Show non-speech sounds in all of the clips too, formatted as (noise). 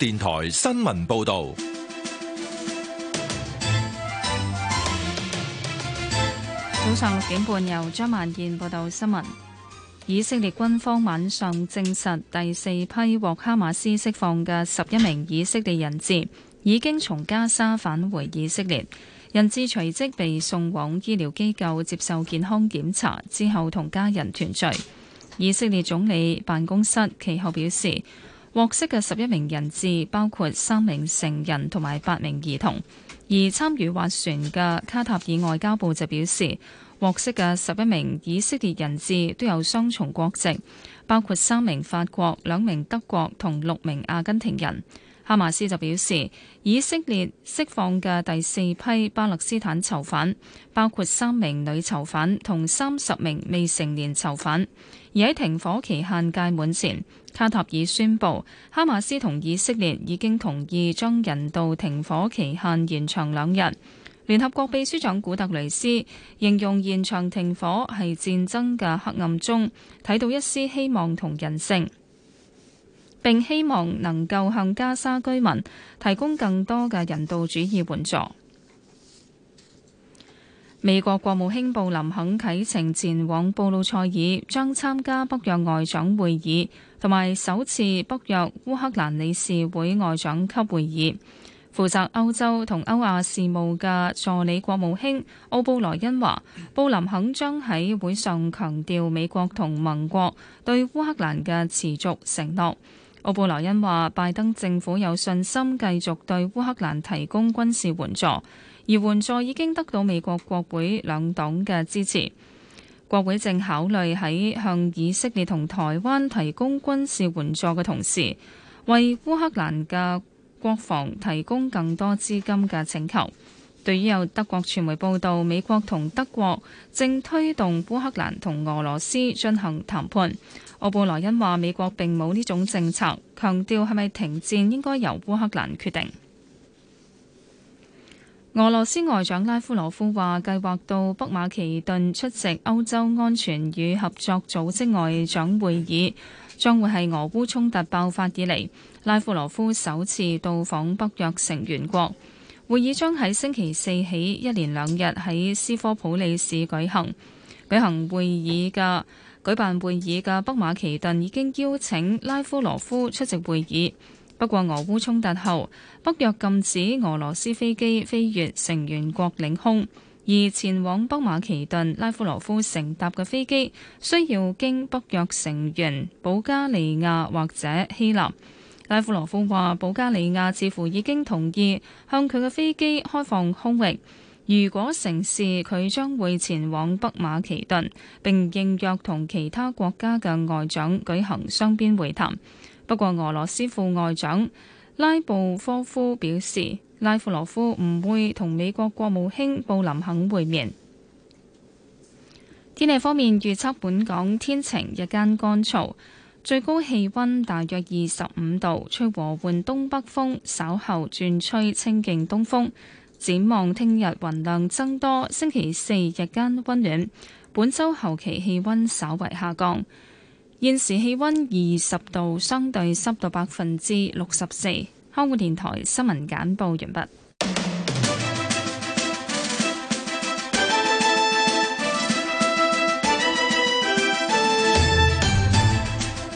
電台新聞報道，早上六點半，由張曼燕報道新聞。以色列軍方晚上證實，第四批獲哈馬斯釋放嘅十一名以色列人質已經從加沙返回以色列。人質隨即被送往醫療機構接受健康檢查，之後同家人團聚。以色列總理辦公室其後表示，獲釋嘅十一名人質包括三名成人同埋八名兒童，而參與斡旋嘅卡塔爾外交部就表示，獲釋嘅十一名以色列人質都有雙重國籍，包括三名法國、兩名德國同六名阿根廷人。哈馬斯就表示，以色列釋放嘅第四批巴勒斯坦囚犯包括三名女囚犯同三十名未成年囚犯，而喺停火期限屆滿前，卡塔爾宣布，哈馬斯同以色列已經同意將人道停火期限延長兩日。聯合國秘書長古特雷斯形容現場停火係戰爭嘅黑暗中，睇到一絲希望同人性，並希望能夠向加沙居民提供更多嘅人道主義援助。美國國務卿布林肯啟程前往布魯塞爾，將參加北約外長會議，同埋首次北約烏克蘭理事會外長級會議。負責歐洲同歐亞事務嘅助理國務卿奧布萊恩話：布林肯將喺會上強調美國同盟國對烏克蘭嘅持續承諾。奧布萊恩話：拜登政府有信心繼續對烏克蘭提供軍事援助。而援助已經得到美國國會兩黨嘅支持，國會正考慮喺向以色列同台灣提供軍事援助嘅同時，為烏克蘭嘅國防提供更多資金嘅請求。對於有德國傳媒報道，美國同德國正推動烏克蘭同俄羅斯進行談判，奧布萊恩話：美國並冇呢種政策，強調係咪停戰應該由烏克蘭決定。俄羅斯外長拉夫羅夫話：計劃到北馬其頓出席歐洲安全與合作組織外長會議，將會係俄烏衝突爆發以嚟拉夫羅夫首次到訪北約成員國。會議將喺星期四起一連兩日喺斯科普里市舉行。舉行會議嘅舉辦會議嘅北馬其頓已經邀請拉夫羅夫出席會議。不過俄烏衝突後，北約禁止俄羅斯飛機飛越成員國領空，而前往北馬其頓，拉夫羅夫乘搭嘅飛機需要經北約成員保加利亞或者希臘。拉夫羅夫話：保加利亞似乎已經同意向佢嘅飛機開放空域。如果成事，佢將會前往北馬其頓，並應約同其他國家嘅外長舉行雙邊會談。不過，俄羅斯副外長拉布科夫表示，拉夫羅夫唔會同美國國務卿布林肯會面。天氣方面，預測本港天晴，日間乾燥，最高氣温大約二十五度，吹和緩東北風，稍後轉吹清勁東風。展望聽日雲量增多，星期四日間温暖，本週後期氣温稍為下降。現時氣温二十度，相對濕度百分之六十四。香港電台新聞簡報完畢。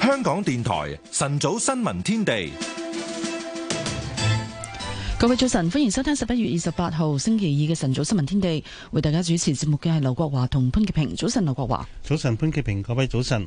香港電台晨早新聞天地，各位早晨，歡迎收聽十一月二十八號星期二嘅晨早新聞天地。為大家主持節目嘅係劉國華同潘潔平。早晨，劉國華。早晨，潘潔平。各位早晨。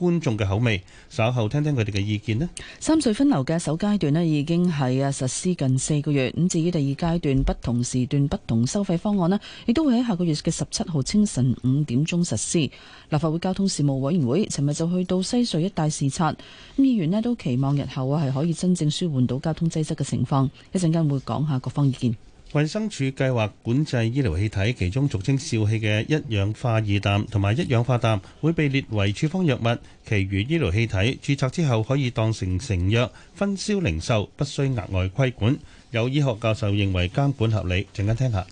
觀眾嘅口味，稍後聽聽佢哋嘅意見咧。三隧分流嘅首階段咧已經係啊實施近四個月，咁至於第二階段不同時段不同收費方案咧，亦都會喺下個月嘅十七號清晨五點鐘實施。立法會交通事務委員會尋日就去到西隧一帶視察，咁議員咧都期望日後啊係可以真正舒緩到交通擠塞嘅情況。一陣間會講下各方意見。衛生署計劃管制醫療氣體，其中俗稱笑氣嘅一氧化二氮同埋一氧化氮會被列為處方藥物，其餘醫療氣體註冊之後可以當成成藥，分銷零售，不需額外規管。有醫學教授認為監管合理，陣間聽下。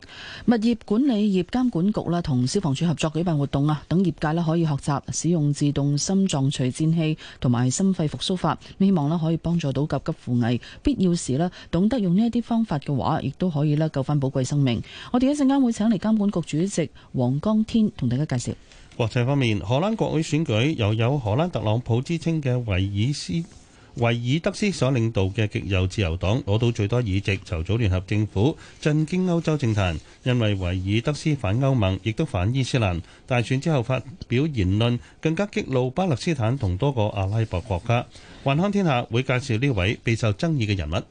物業管理業監管局啦，同消防處合作舉辦活動啊，等業界咧可以學習使用自動心臟除顫器同埋心肺復甦法，希望咧可以幫助到急急扶危。必要時咧，懂得用呢一啲方法嘅話，亦都可以咧救翻寶貴生命。我哋一陣間會請嚟監管局主席黃江天同大家介紹。國際方面，荷蘭國會選舉又有荷蘭特朗普之稱嘅維爾斯。維爾德斯所領導嘅極右自由黨攞到最多議席，籌組聯合政府，震驚歐洲政壇。因為維爾德斯反歐盟，亦都反伊斯蘭。大選之後發表言論，更加激怒巴勒斯坦同多個阿拉伯國家。環康天下會介紹呢位備受爭議嘅人物。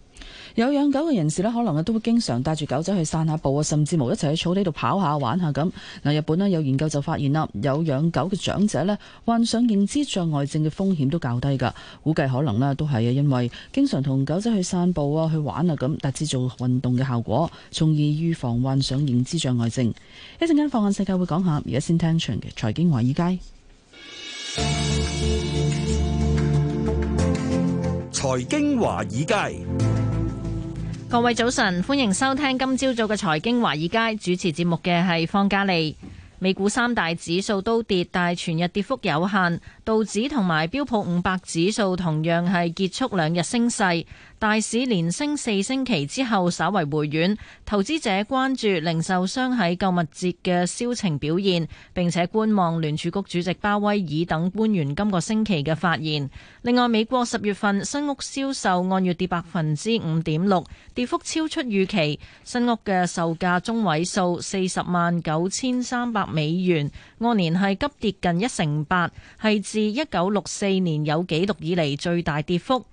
有養狗嘅人士咧，可能啊都會經常帶住狗仔去散下步啊，甚至乎一齊喺草地度跑下玩下咁。嗱，日本咧有研究就發現啦，有養狗嘅長者咧，患上認知障礙症嘅風險都較低噶。估計可能咧都係啊，因為經常同狗仔去散步啊，去玩啊咁，達至做運動嘅效果，從而預防患上認知障礙症。一陣間放眼世界會講下，而家先聽長嘅財經華爾街。財經華爾街。各位早晨，歡迎收聽今朝早嘅財經華爾街，主持節目嘅係方嘉莉。美股三大指數都跌，但係全日跌幅有限。道指同埋標普五百指數同樣係結束兩日升勢。大市連升四星期之後，稍為回軟。投資者關注零售商喺購物節嘅銷情表現，並且觀望聯儲局主席鮑威爾等官員今個星期嘅發言。另外，美國十月份新屋銷售按月跌百分之五點六，跌幅超出預期。新屋嘅售價中位數四十萬九千三百美元，按年係急跌近一成八，係自一九六四年有記錄以嚟最大跌幅。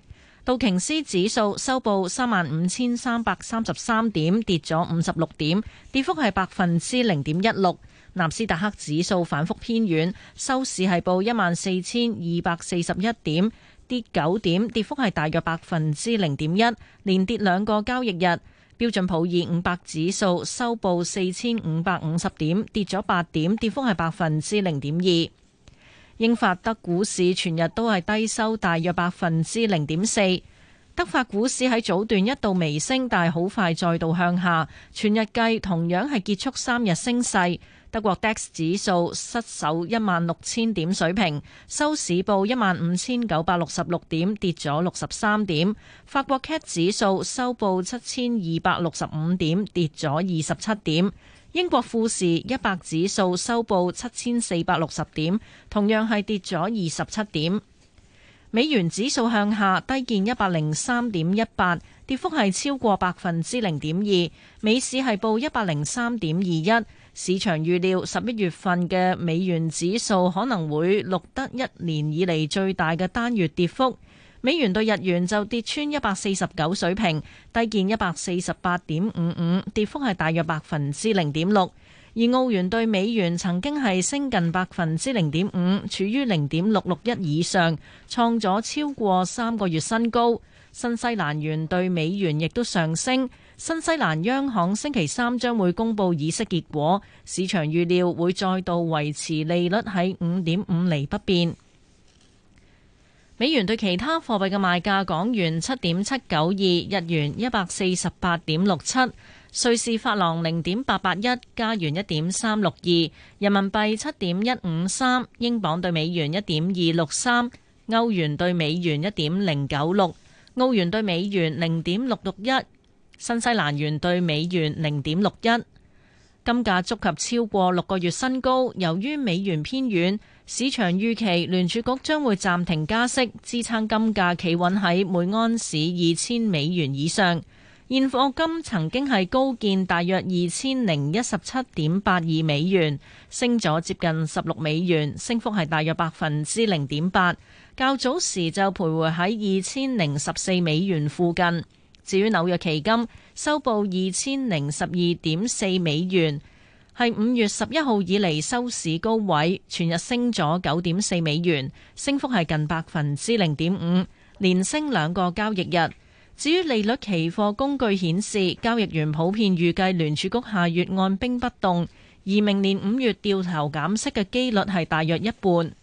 道瓊斯指數收報三萬五千三百三十三點，跌咗五十六點，跌幅係百分之零點一六。納斯達克指數反覆偏軟，收市係報一萬四千二百四十一點，跌九點，跌幅係大約百分之零點一，連跌兩個交易日。標準普爾五百指數收報四千五百五十點，跌咗八點，跌幅係百分之零點二。英法德股市全日都係低收，大約百分之零點四。德法股市喺早段一度微升，但係好快再度向下。全日計同樣係結束三日升勢。德國 DAX 指數失守一萬六千點水平，收市報一萬五千九百六十六點，跌咗六十三點。法國 CAC 指數收報七千二百六十五點，跌咗二十七點。英國富時一百指數收報七千四百六十點，同樣係跌咗二十七點。美元指數向下低見一百零三點一八，跌幅係超過百分之零點二。美市係報一百零三點二一。市場預料十一月份嘅美元指數可能會錄得一年以嚟最大嘅單月跌幅。美元兌日元就跌穿一百四十九水平，低見一百四十八點五五，跌幅係大約百分之零點六。而澳元兌美元曾經係升近百分之零點五，處於零點六六一以上，創咗超過三個月新高。新西蘭元兌美元亦都上升，新西蘭央行星期三將會公布議息結果，市場預料會再度維持利率喺五點五厘不變。美元對其他貨幣嘅賣價：港元七點七九二，日元一百四十八點六七，瑞士法郎零點八八一，加元一點三六二，人民幣七點一五三，英鎊對美元一點二六三，歐元對美元一點零九六，澳元對美元零點六六一，新西蘭元對美元零點六一。金價觸及超過六個月新高，由於美元偏軟，市場預期聯儲局將會暫停加息，支撐金價企穩喺每安士二千美元以上。現貨金曾經係高見大約二千零一十七點八二美元，升咗接近十六美元，升幅係大約百分之零點八。較早時就徘徊喺二千零十四美元附近。至於紐約期金。收報二千零十二點四美元，係五月十一號以嚟收市高位，全日升咗九點四美元，升幅係近百分之零點五，連升兩個交易日。至於利率期貨工具顯示，交易員普遍預計聯儲局下月按兵不動，而明年五月掉頭減息嘅幾率係大約一半。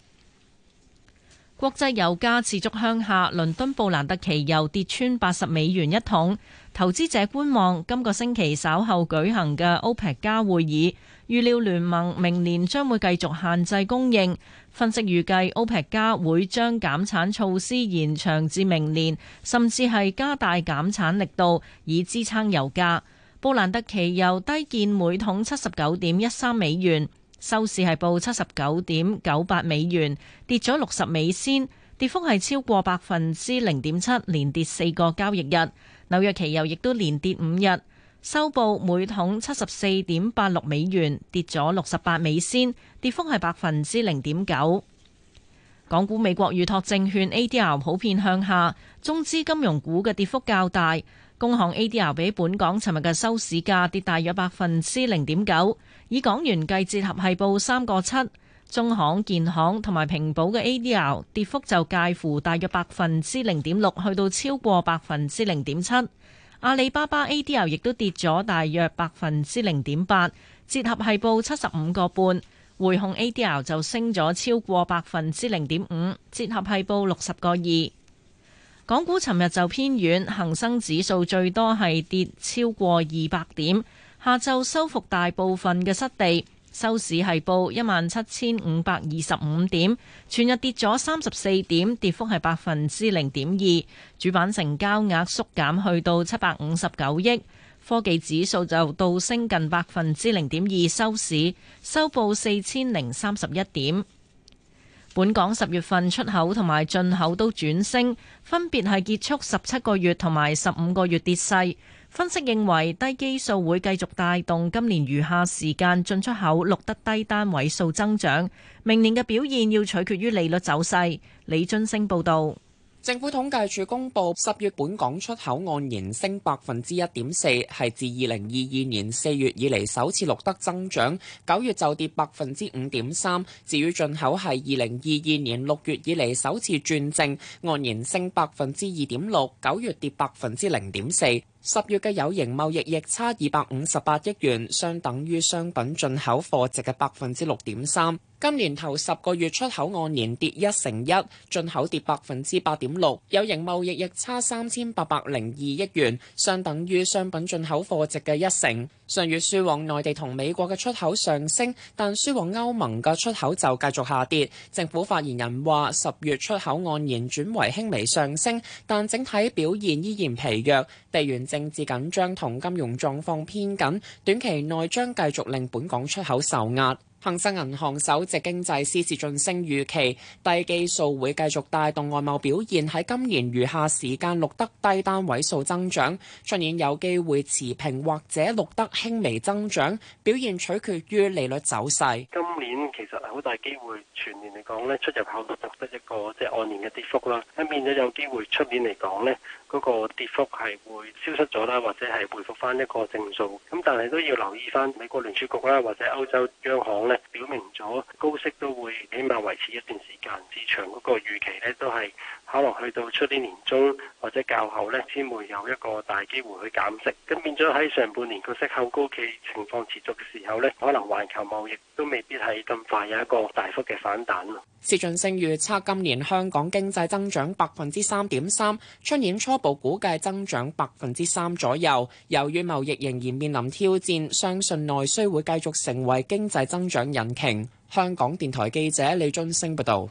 國際油價持續向下，倫敦布蘭特期油跌穿八十美元一桶。投資者觀望今個星期稍後舉行嘅歐佩加會議，預料聯盟明年將會繼續限制供應。分析預計歐佩加會將減產措施延長至明年，甚至係加大減產力度以支撐油價。布蘭特期油低見每桶七十九點一三美元，收市係報七十九點九八美元，跌咗六十美仙，跌幅係超過百分之零點七，連跌四個交易日。紐約期油亦都連跌五日，收報每桶七十四點八六美元，跌咗六十八美仙，跌幅係百分之零點九。港股美國預託證券 A D R 普遍向下，中資金融股嘅跌幅較大，工行 A D R 比本港尋日嘅收市價跌大約百分之零點九，以港元計，折合係報三個七。中行、建行同埋平保嘅 ADR 跌幅就介乎大約百分之零點六，去到超過百分之零點七。阿里巴巴 ADR 亦都跌咗大約百分之零點八，折合係報七十五個半。匯控 ADR 就升咗超過百分之零點五，折合係報六十個二。港股尋日就偏軟，恒生指數最多係跌超過二百點，下晝收復大部分嘅失地。收市係報一萬七千五百二十五點，全日跌咗三十四點，跌幅係百分之零點二。主板成交額縮減去到七百五十九億，科技指數就倒升近百分之零點二，收市收報四千零三十一點。本港十月份出口同埋進口都轉升，分別係結束十七個月同埋十五個月跌勢。分析認為，低基數會繼續帶動今年餘下時間進出口錄得低單位數增長。明年嘅表現要取決於利率走勢。李俊升報導。政府統計處公布，十月本港出口按年升百分之一點四，係自二零二二年四月以嚟首次錄得增長。九月就跌百分之五點三。至於進口係二零二二年六月以嚟首次轉正，按年升百分之二點六。九月跌百分之零點四。十月嘅有形貿易逆差二百五十八億元，相等於商品進口貨值嘅百分之六點三。今年頭十個月出口按年跌一成一，進口跌百分之八點六，有形貿易逆差三千八百零二億元，相等於商品進口貨值嘅一成。上月輸往內地同美國嘅出口上升，但輸往歐盟嘅出口就繼續下跌。政府發言人話：十月出口按年轉為輕微上升，但整體表現依然疲弱。地緣政治緊張同金融狀況偏緊，短期內將繼續令本港出口受壓。恒生銀行首席經濟師薛俊昇預期，低基數會繼續帶動外貿表現喺今年餘下時間錄得低單位數增長，出年有機會持平或者錄得輕微增長，表現取決於利率走勢。今年其實係好大機會，全年嚟講咧，出入口都錄得一個即係按年嘅跌幅啦，咁變咗有機會出年嚟講咧。嗰個跌幅係會消失咗啦，或者係回復翻一個正數。咁但係都要留意翻美國聯儲局啦，或者歐洲央行呢，表明咗高息都會起碼維持一段時間，市場嗰個預期呢都係。可能去到出年年中或者較後咧，先會有一個大機會去減息，咁變咗喺上半年個息後高企情況持續嘅時候咧，可能環球貿易都未必係咁快有一個大幅嘅反彈咯。薛俊升預測，今年香港經濟增長百分之三點三，出年初步估計增長百分之三左右。由於貿易仍然面臨挑戰，相信內需會繼續成為經濟增長引擎。香港電台記者李俊升報道。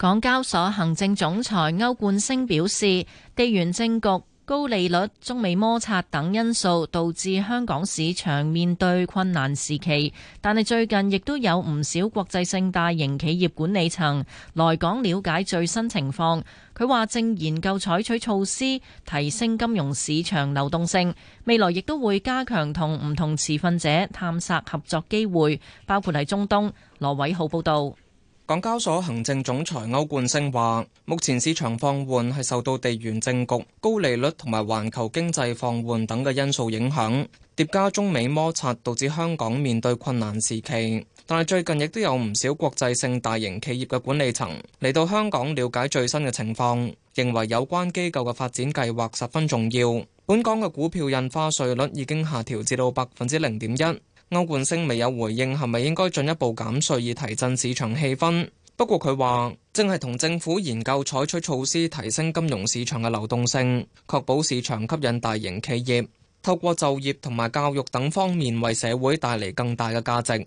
港交所行政總裁歐冠昇表示，地緣政局、高利率、中美摩擦等因素，導致香港市場面對困難時期。但係最近亦都有唔少國際性大型企業管理層來港了解最新情況。佢話正研究採取措施提升金融市場流動性，未來亦都會加強同唔同持份者探索合作機會，包括喺中東。羅偉浩報道。港交所行政總裁歐冠昇話，目前市場放緩係受到地緣政局、高利率同埋環球經濟放緩等嘅因素影響，疊加中美摩擦導致香港面對困難時期。但係最近亦都有唔少國際性大型企業嘅管理層嚟到香港了解最新嘅情況，認為有關機構嘅發展計劃十分重要。本港嘅股票印花稅率已經下調至到百分之零點一。歐冠星未有回應，係咪應該進一步減稅以提振市場氣氛？不過佢話正係同政府研究採取措施，提升金融市場嘅流動性，確保市場吸引大型企業，透過就業同埋教育等方面為社會帶嚟更大嘅價值。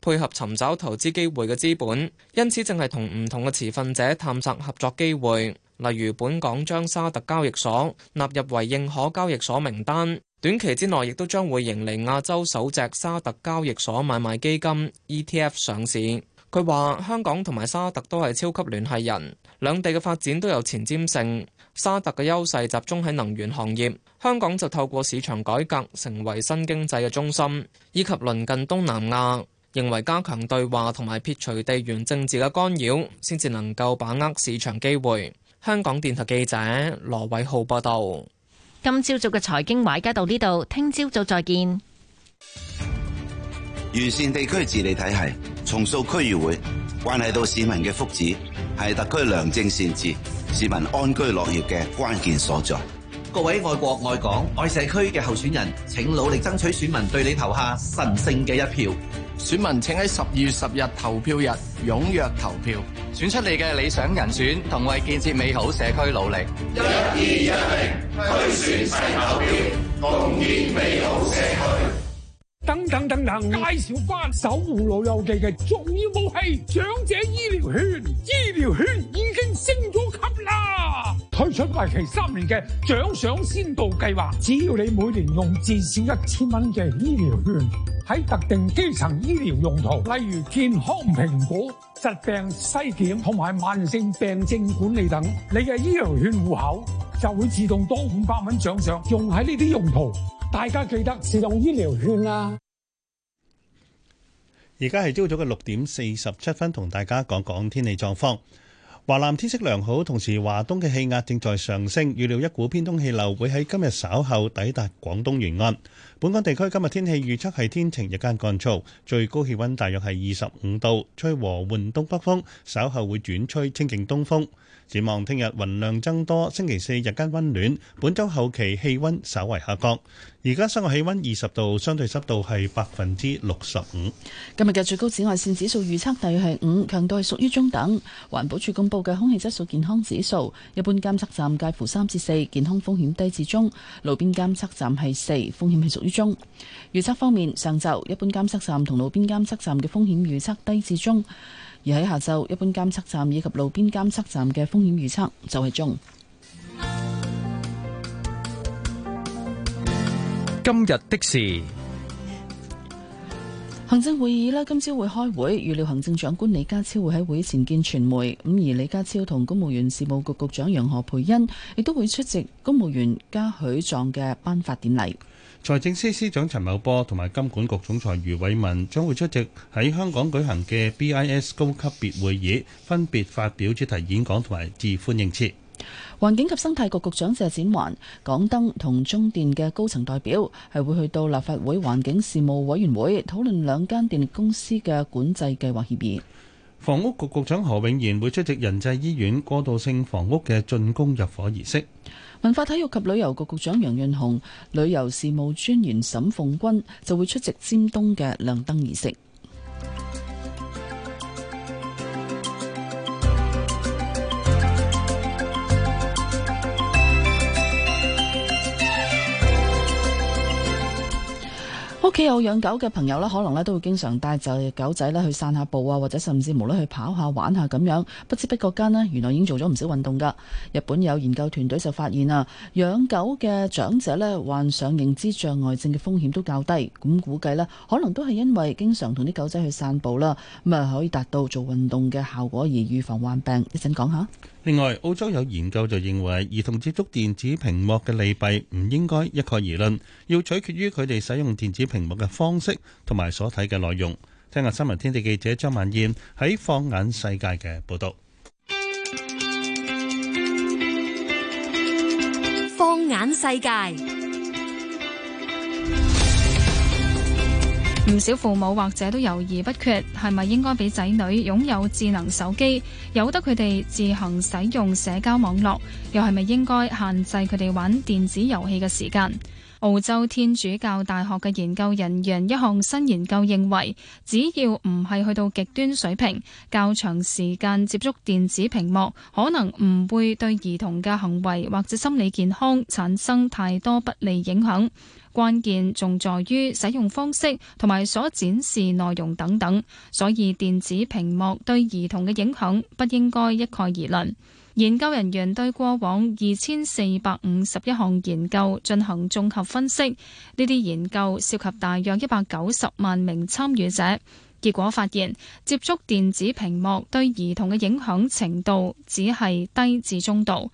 配合尋找投資機會嘅資本，因此正係同唔同嘅持份者探索合作機會，例如本港將沙特交易所納入為認可交易所名單，短期之內亦都將會迎嚟亞洲首隻沙特交易所買賣基金 ETF 上市。佢話：香港同埋沙特都係超級聯繫人，兩地嘅發展都有前瞻性。沙特嘅優勢集中喺能源行業，香港就透過市場改革成為新經濟嘅中心，以及鄰近東南亞。認為加強對話同埋撇除地緣政治嘅干擾，先至能夠把握市場機會。香港電台記者羅偉浩報道今。今朝早嘅財經話家到呢度，聽朝早再見。完善地區治理體系，重塑區議會，關係到市民嘅福祉，係特區良政善治、市民安居樂業嘅關鍵所在。各位愛國愛港愛社區嘅候選人，請努力爭取選民對你投下神聖嘅一票。選民請喺十二月十日投票日踴躍投票，選出你嘅理想人選同為建設美好社區努力。一二一零推選參考表，共建美好社區等等等等，等等，介紹翻守護老友記嘅重要武器——長者醫療券，醫療券已經升咗級啦。推出為期三年嘅獎賞先導計劃，只要你每年用至少一千蚊嘅醫療券喺特定基層醫療用途，例如健康評估、疾病篩檢同埋慢性病症管理等，你嘅醫療券戶口就會自動多五百蚊獎賞，用喺呢啲用途。大家記得自用醫療券啦！而家係朝早嘅六點四十七分，同大家講講天氣狀況。華南天色良好，同時華東嘅氣壓正在上升，預料一股偏東氣流會喺今日稍後抵達廣東沿岸。本港地區今日天氣預測係天晴，日間乾燥，最高氣溫大約係二十五度，吹和緩東北風，稍後會轉吹清勁東風。展望聽日雲量增多，星期四日間温暖。本周後期氣温稍為下降。而家室外氣温二十度，相對濕度係百分之六十五。今日嘅最高紫外線指數預測大約係五，強度係屬於中等。環保署公布嘅空氣質素健康指數，一般監測站介乎三至四，健康風險低至中；路邊監測站係四，風險係屬於中。預測方面，上晝一般監測站同路邊監測站嘅風險預測低至中。而喺下晝，一般監測站以及路邊監測站嘅風險預測就係中。今日的事，行政會議咧今朝會開會，預料行政長官李家超會喺會前見傳媒。咁而李家超同公務員事務局局,局長楊何蓓茵亦都會出席公務員嘉許狀嘅頒發典禮。財政司司長陳茂波同埋金管局總裁余偉文將會出席喺香港舉行嘅 BIS 高級別會議，分別發表主題演講同埋致歡迎辭。環境及生態局局長謝展寰、港燈同中電嘅高層代表係會去到立法會環境事務委員會討論兩間電力公司嘅管制計劃協議。房屋局局長何永賢會出席仁濟醫院過渡性房屋嘅竣工入夥儀式。文化、體育及旅遊局局長楊潤雄、旅遊事務專員沈鳳君就會出席尖東嘅亮燈儀式。屋企有養狗嘅朋友呢，可能咧都會經常帶隻狗仔呢去散下步啊，或者甚至無論去跑下、玩下咁樣，不知不覺間呢，原來已經做咗唔少運動噶。日本有研究團隊就發現啊，養狗嘅長者呢，患上認知障礙症嘅風險都較低。咁估計呢，可能都係因為經常同啲狗仔去散步啦，咁啊可以達到做運動嘅效果而預防患病。一陣講下。另外，澳洲有研究就認為，兒童接觸電子屏幕嘅利弊唔應該一概而論，要取決於佢哋使用電子屏幕嘅方式同埋所睇嘅內容。聽下新聞天地記者張曼燕喺《放眼世界》嘅報導，《放眼世界》。唔少父母或者都猶豫不決，係咪應該俾仔女擁有智能手機，由得佢哋自行使用社交網絡？又係咪應該限制佢哋玩電子遊戲嘅時間？澳洲天主教大學嘅研究人員一項新研究認為，只要唔係去到極端水平，較長時間接觸電子屏幕，可能唔會對兒童嘅行為或者心理健康產生太多不利影響。關鍵仲在於使用方式同埋所展示內容等等，所以電子屏幕對兒童嘅影響不應該一概而論。研究人員對過往二千四百五十一項研究進行綜合分析，呢啲研究涉及大約一百九十萬名參與者，結果發現接觸電子屏幕對兒童嘅影響程度只係低至中度。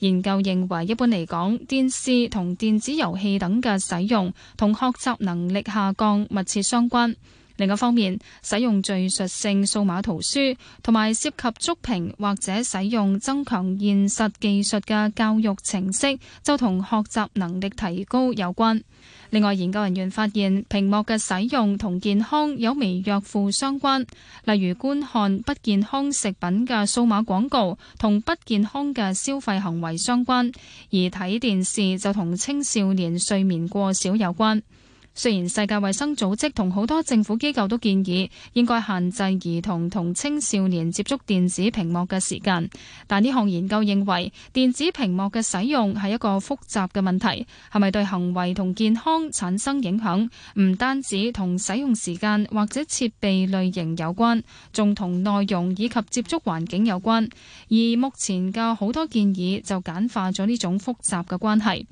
研究認為，一般嚟講，電視同電子遊戲等嘅使用同學習能力下降密切相關。另一方面，使用敘述性數碼圖書同埋涉及觸屏或者使用增強現實技術嘅教育程式，就同學習能力提高有關。另外，研究人員發現屏幕嘅使用同健康有微弱負相關，例如觀看不健康食品嘅數碼廣告同不健康嘅消費行為相關，而睇電視就同青少年睡眠過少有關。雖然世界衛生組織同好多政府機構都建議應該限制兒童同青少年接觸電子屏幕嘅時間，但呢項研究認為電子屏幕嘅使用係一個複雜嘅問題，係咪對行為同健康產生影響，唔單止同使用時間或者設備類型有關，仲同內容以及接觸環境有關。而目前嘅好多建議就簡化咗呢種複雜嘅關係。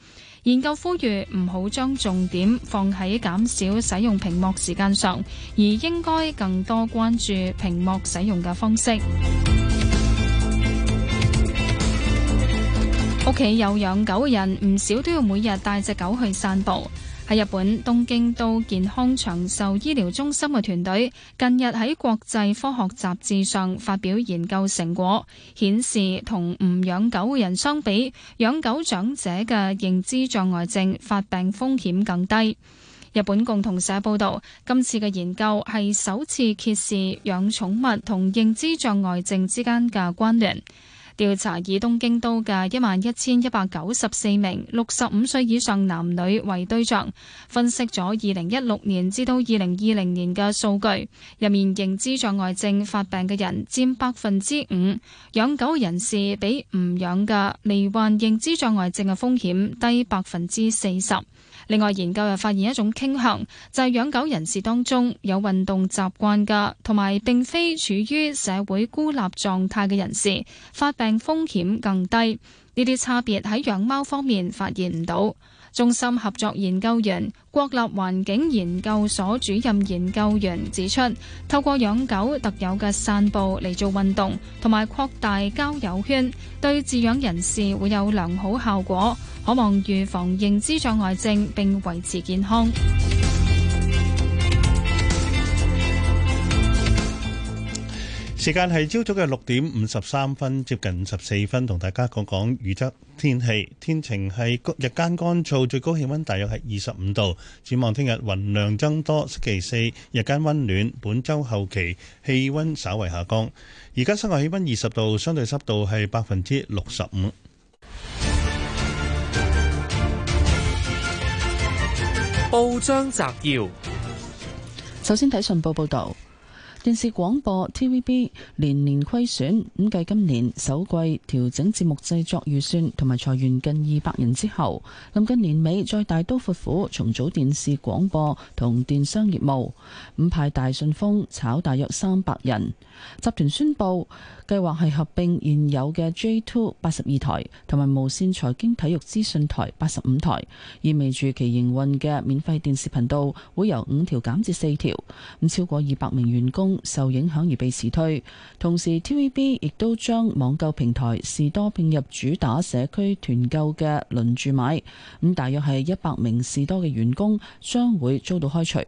研究呼籲唔好將重點放喺減少使用屏幕時間上，而應該更多關注屏幕使用嘅方式。屋企 (music) 有養狗嘅人唔少都要每日帶隻狗去散步。喺日本東京都健康長壽醫療中心嘅團隊近日喺國際科學雜誌上發表研究成果，顯示同唔養狗嘅人相比，養狗長者嘅認知障礙症發病風險更低。日本共同社報道，今次嘅研究係首次揭示養寵物同認知障礙症之間嘅關聯。調查以東京都嘅一萬一千一百九十四名六十五歲以上男女為對象，分析咗二零一六年至到二零二零年嘅數據，入面認知障礙症發病嘅人占百分之五，養狗人士比唔養嘅罹患認知障礙症嘅風險低百分之四十。另外，研究又發現一種傾向，就係養狗人士當中有運動習慣嘅，同埋並非處於社會孤立狀態嘅人士，發病風險更低。呢啲差別喺養貓方面發現唔到。中心合作研究員、國立環境研究所主任研究員指出，透過養狗特有嘅散步嚟做運動，同埋擴大交友圈，對飼養人士會有良好效果，可望預防認知障礙症並維持健康。時間係朝早嘅六點五十三分，接近五十四分，同大家講講預測天氣。天晴係日間乾燥，最高氣溫大約係二十五度。展望聽日雲量增多，星期四日間溫暖。本周後期氣溫稍為下降。而家室外氣溫二十度，相對濕度係百分之六十五。報章摘要，首先睇信報報道。電視廣播 T.V.B. 年年虧損，咁計今年首季調整節目製作預算同埋裁員近二百人之後，臨近年尾再大刀闊斧重組電視廣播同電商業務，五派大信封炒大約三百人。集團宣佈計劃係合併現有嘅 J2 八十二台同埋無綫財經體育資訊台八十五台，意味住其營運嘅免費電視頻道會由五條減至四條，咁超過二百名員工受影響而被辭退。同時，TVB 亦都將網購平台士多併入主打社區團購嘅輪住買，咁大約係一百名士多嘅員工將會遭到開除。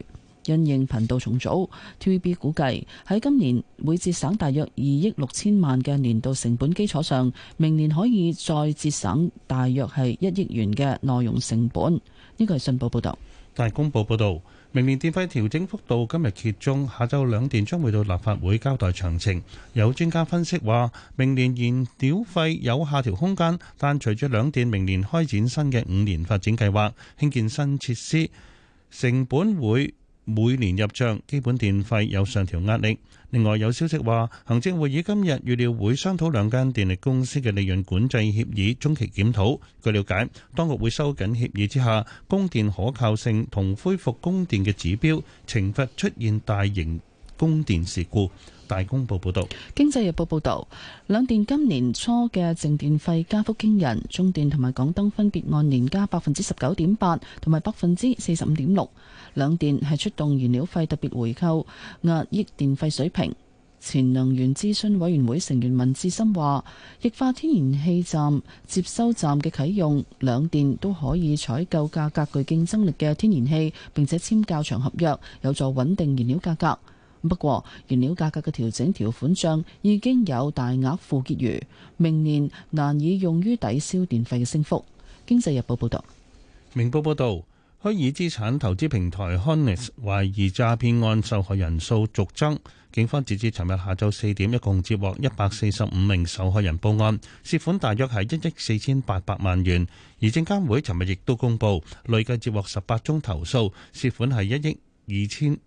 因應頻道重組，TVB 估計喺今年會節省大約二億六千萬嘅年度成本基礎上，明年可以再節省大約係一億元嘅內容成本。呢個係信報報導。大公報報導，明年電費調整幅度今日揭盅，下晝兩電將會到立法會交代詳情。有專家分析話，明年燃料費有下調空間，但隨住兩電明年開展新嘅五年發展計劃，興建新設施，成本會。每年入帳基本電費有上調壓力。另外有消息話，行政會議今日預料會商討兩間電力公司嘅利潤管制協議中期檢討。據了解，當局會收緊協議之下，供電可靠性同恢復供電嘅指標，懲罰出現大型。供電事故大公報報道，《經濟日報》報道，兩電今年初嘅淨電費加幅驚人，中電同埋港燈分別按年加百分之十九點八同埋百分之四十五點六。兩電係出動燃料費特別回購壓抑電費水平。前能源諮詢委員會成員文志深話：，液化天然氣站接收站嘅啟用，兩電都可以採購價格具競爭力嘅天然氣，並且簽較長合約，有助穩定燃料價格。不過，原料價格嘅調整條款帳已經有大額負結餘，明年難以用於抵消電費嘅升幅。經濟日報報道：明報報道，虛擬資產投資平台 Hounax 懷疑詐騙案受害人數續增，警方截至尋日下晝四點，一共接獲一百四十五名受害人報案，涉款大約係一億四千八百萬元。而證監會尋日亦都公布，累計接獲十八宗投訴，涉款係一億二千。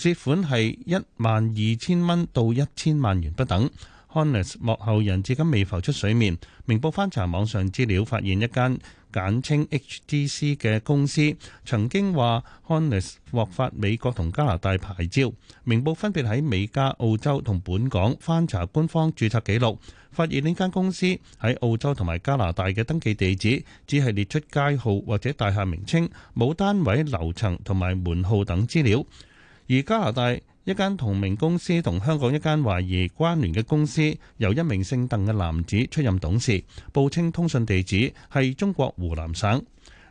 涉款係一萬二千蚊到一千萬元不等。Honest 幕後人至今未浮出水面。明報翻查網上資料，發現一間簡稱 HDC 嘅公司曾經話 Honest 獲發美國同加拿大牌照。明報分別喺美加、澳洲同本港翻查官方註冊記錄，發現呢間公司喺澳洲同埋加拿大嘅登記地址只係列出街號或者大廈名稱，冇單位樓層同埋門號等資料。而加拿大一間同名公司同香港一間懷疑關聯嘅公司，由一名姓鄧嘅男子出任董事，報稱通訊地址係中國湖南省。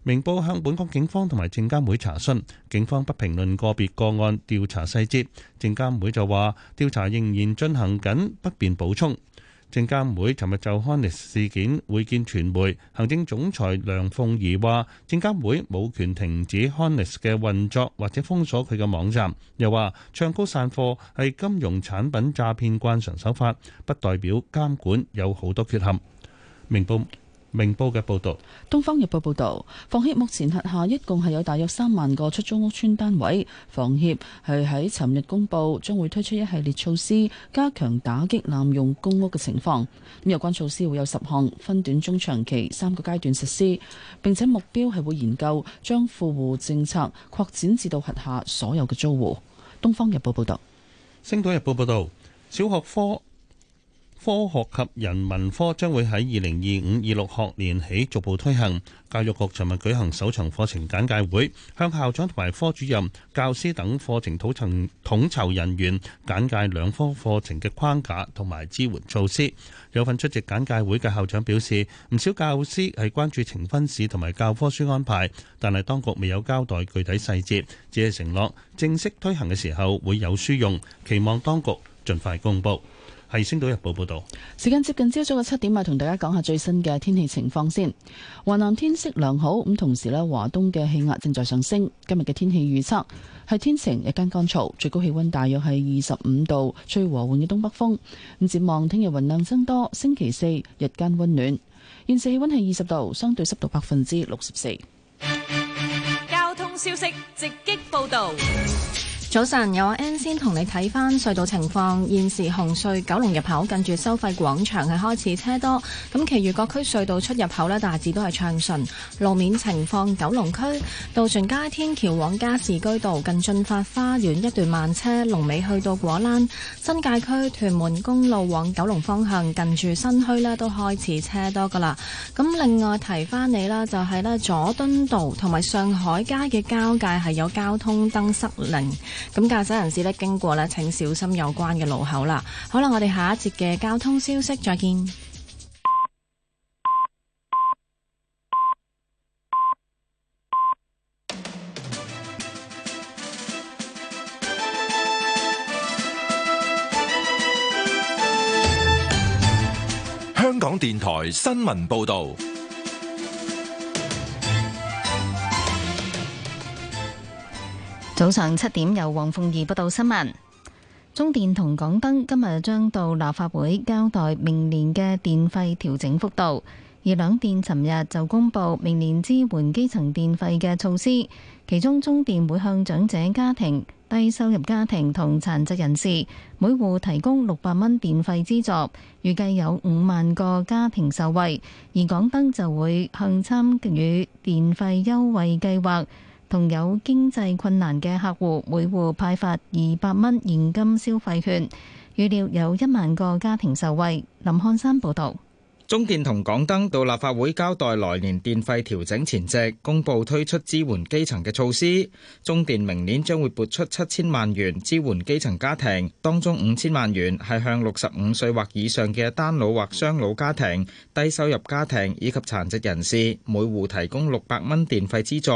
明報向本港警方同埋證監會查詢，警方不評論個別個案調查細節，證監會就話調查仍然進行緊，不便補充。證監會尋日就 Hounax 事件會見傳媒，行政總裁梁鳳儀話：證監會冇權停止 Hounax 嘅運作或者封鎖佢嘅網站。又話唱高散貨係金融產品詐騙慣常手法，不代表監管有好多缺陷。明報明報嘅報道，東方日報報道，房協目前轄下一共係有大約三萬個出租屋邨單位。房協係喺尋日公布，將會推出一系列措施，加強打擊濫用公屋嘅情況。咁有關措施會有十項，分短中長期三個階段實施，並且目標係會研究將富戶政策擴展至到轄下所有嘅租戶。東方日報報道，星島日報報道，小學科。科學及人文科將會喺二零二五、二六學年起逐步推行。教育局尋日舉行首場課程簡介會，向校長同埋科主任、教師等課程組層統籌人員簡介兩科課程嘅框架同埋支援措施。有份出席簡介會嘅校長表示，唔少教師係關注呈分試同埋教科書安排，但係當局未有交代具體細節，只係承諾正式推行嘅時候會有書用，期望當局盡快公佈。係《星島日報》報道。時間接近朝早嘅七點啊，同大家講下最新嘅天氣情況先。華南天色良好，咁同時呢，華東嘅氣壓正在上升。今日嘅天氣預測係天晴，日間乾燥，最高氣溫大約係二十五度，吹和緩嘅東北風。咁、嗯、展望聽日雲量增多，星期四日間溫暖。現時氣溫係二十度，相對濕度百分之六十四。交通消息直擊報道。早晨，有啊 N 先同你睇翻隧道情況。現時紅隧九龍入口近住收費廣場係開始車多，咁其餘各區隧道出入口咧大致都係暢順。路面情況，九龍區渡船街天橋往加士居道近駿發花園一段慢車，龍尾去到果欄。新界區屯門公路往九龍方向近住新墟咧都開始車多噶啦。咁另外提翻你啦，就係咧佐敦道同埋上海街嘅交界係有交通燈失靈。咁駕駛人士呢，經過呢，請小心有關嘅路口啦。好啦，我哋下一節嘅交通消息再見。香港電台新聞報道。早上七點，由黃鳳儀報道新聞。中電同港燈今日將到立法會交代明年嘅電費調整幅度，而兩電尋日就公布明年支援基層電費嘅措施，其中中電會向長者家庭、低收入家庭同殘疾人士每戶提供六百蚊電費資助，預計有五萬個家庭受惠，而港燈就會向參與電費優惠計劃。同有經濟困難嘅客戶每戶派發二百蚊現金消費券，預料有一萬個家庭受惠。林漢山報導。中電同港燈到立法會交代來年電費調整前夕公布，推出支援基層嘅措施。中電明年將會撥出七千萬元支援基層家庭，當中五千萬元係向六十五歲或以上嘅單老或雙老家庭、低收入家庭以及殘疾人士每戶提供六百蚊電費資助，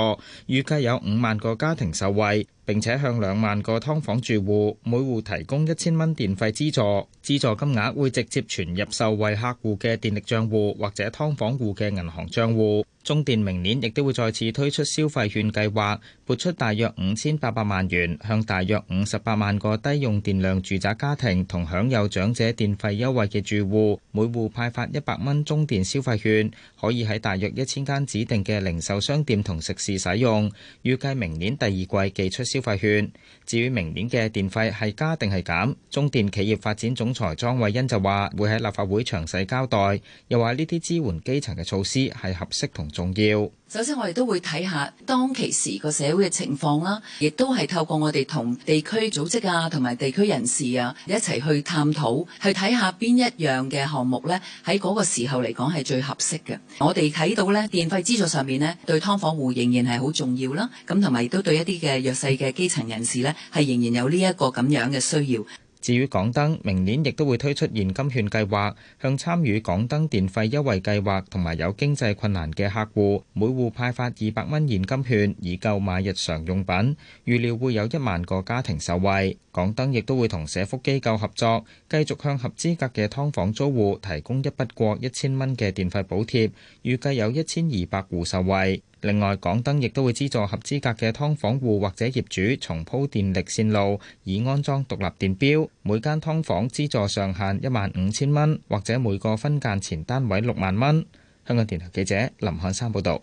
預計有五萬個家庭受惠。並且向兩萬個劏房住戶每戶提供一千蚊電費資助，資助金額會直接存入受惠客戶嘅電力賬戶或者劏房戶嘅銀行賬戶。中電明年亦都會再次推出消費券計劃，撥出大約五千八百萬元，向大約五十八萬個低用電量住宅家庭同享有長者電費優惠嘅住戶，每戶派發一百蚊中電消費券，可以喺大約一千間指定嘅零售商店同食肆使用。預計明年第二季寄出消費券。至於明年嘅電費係加定係減，中電企業發展總裁莊偉茵就話會喺立法會詳細交代，又話呢啲支援基層嘅措施係合適同重要。首先，我哋都會睇下當其時個社會嘅情況啦，亦都係透過我哋同地區組織啊、同埋地區人士啊一齊去探討，去睇下邊一樣嘅項目呢。喺嗰個時候嚟講係最合適嘅。我哋睇到呢電費資助上面呢，對劏房戶仍然係好重要啦。咁同埋亦都對一啲嘅弱勢嘅基層人士呢，係仍然有呢一個咁樣嘅需要。至於港燈，明年亦都會推出現金券計劃，向參與港燈電費優惠計劃同埋有經濟困難嘅客戶，每戶派發二百蚊現金券以購買日常用品。預料會有一萬個家庭受惠。港燈亦都會同社福機構合作，繼續向合資格嘅劏房租戶提供一筆過一千蚊嘅電費補貼，預計有一千二百戶受惠。另外，港燈亦都會資助合資格嘅劏房戶或者業主重鋪電力線路，以安裝獨立電錶。每間劏房資助上限一萬五千蚊，或者每個分間前單位六萬蚊。香港電台記者林漢山報導。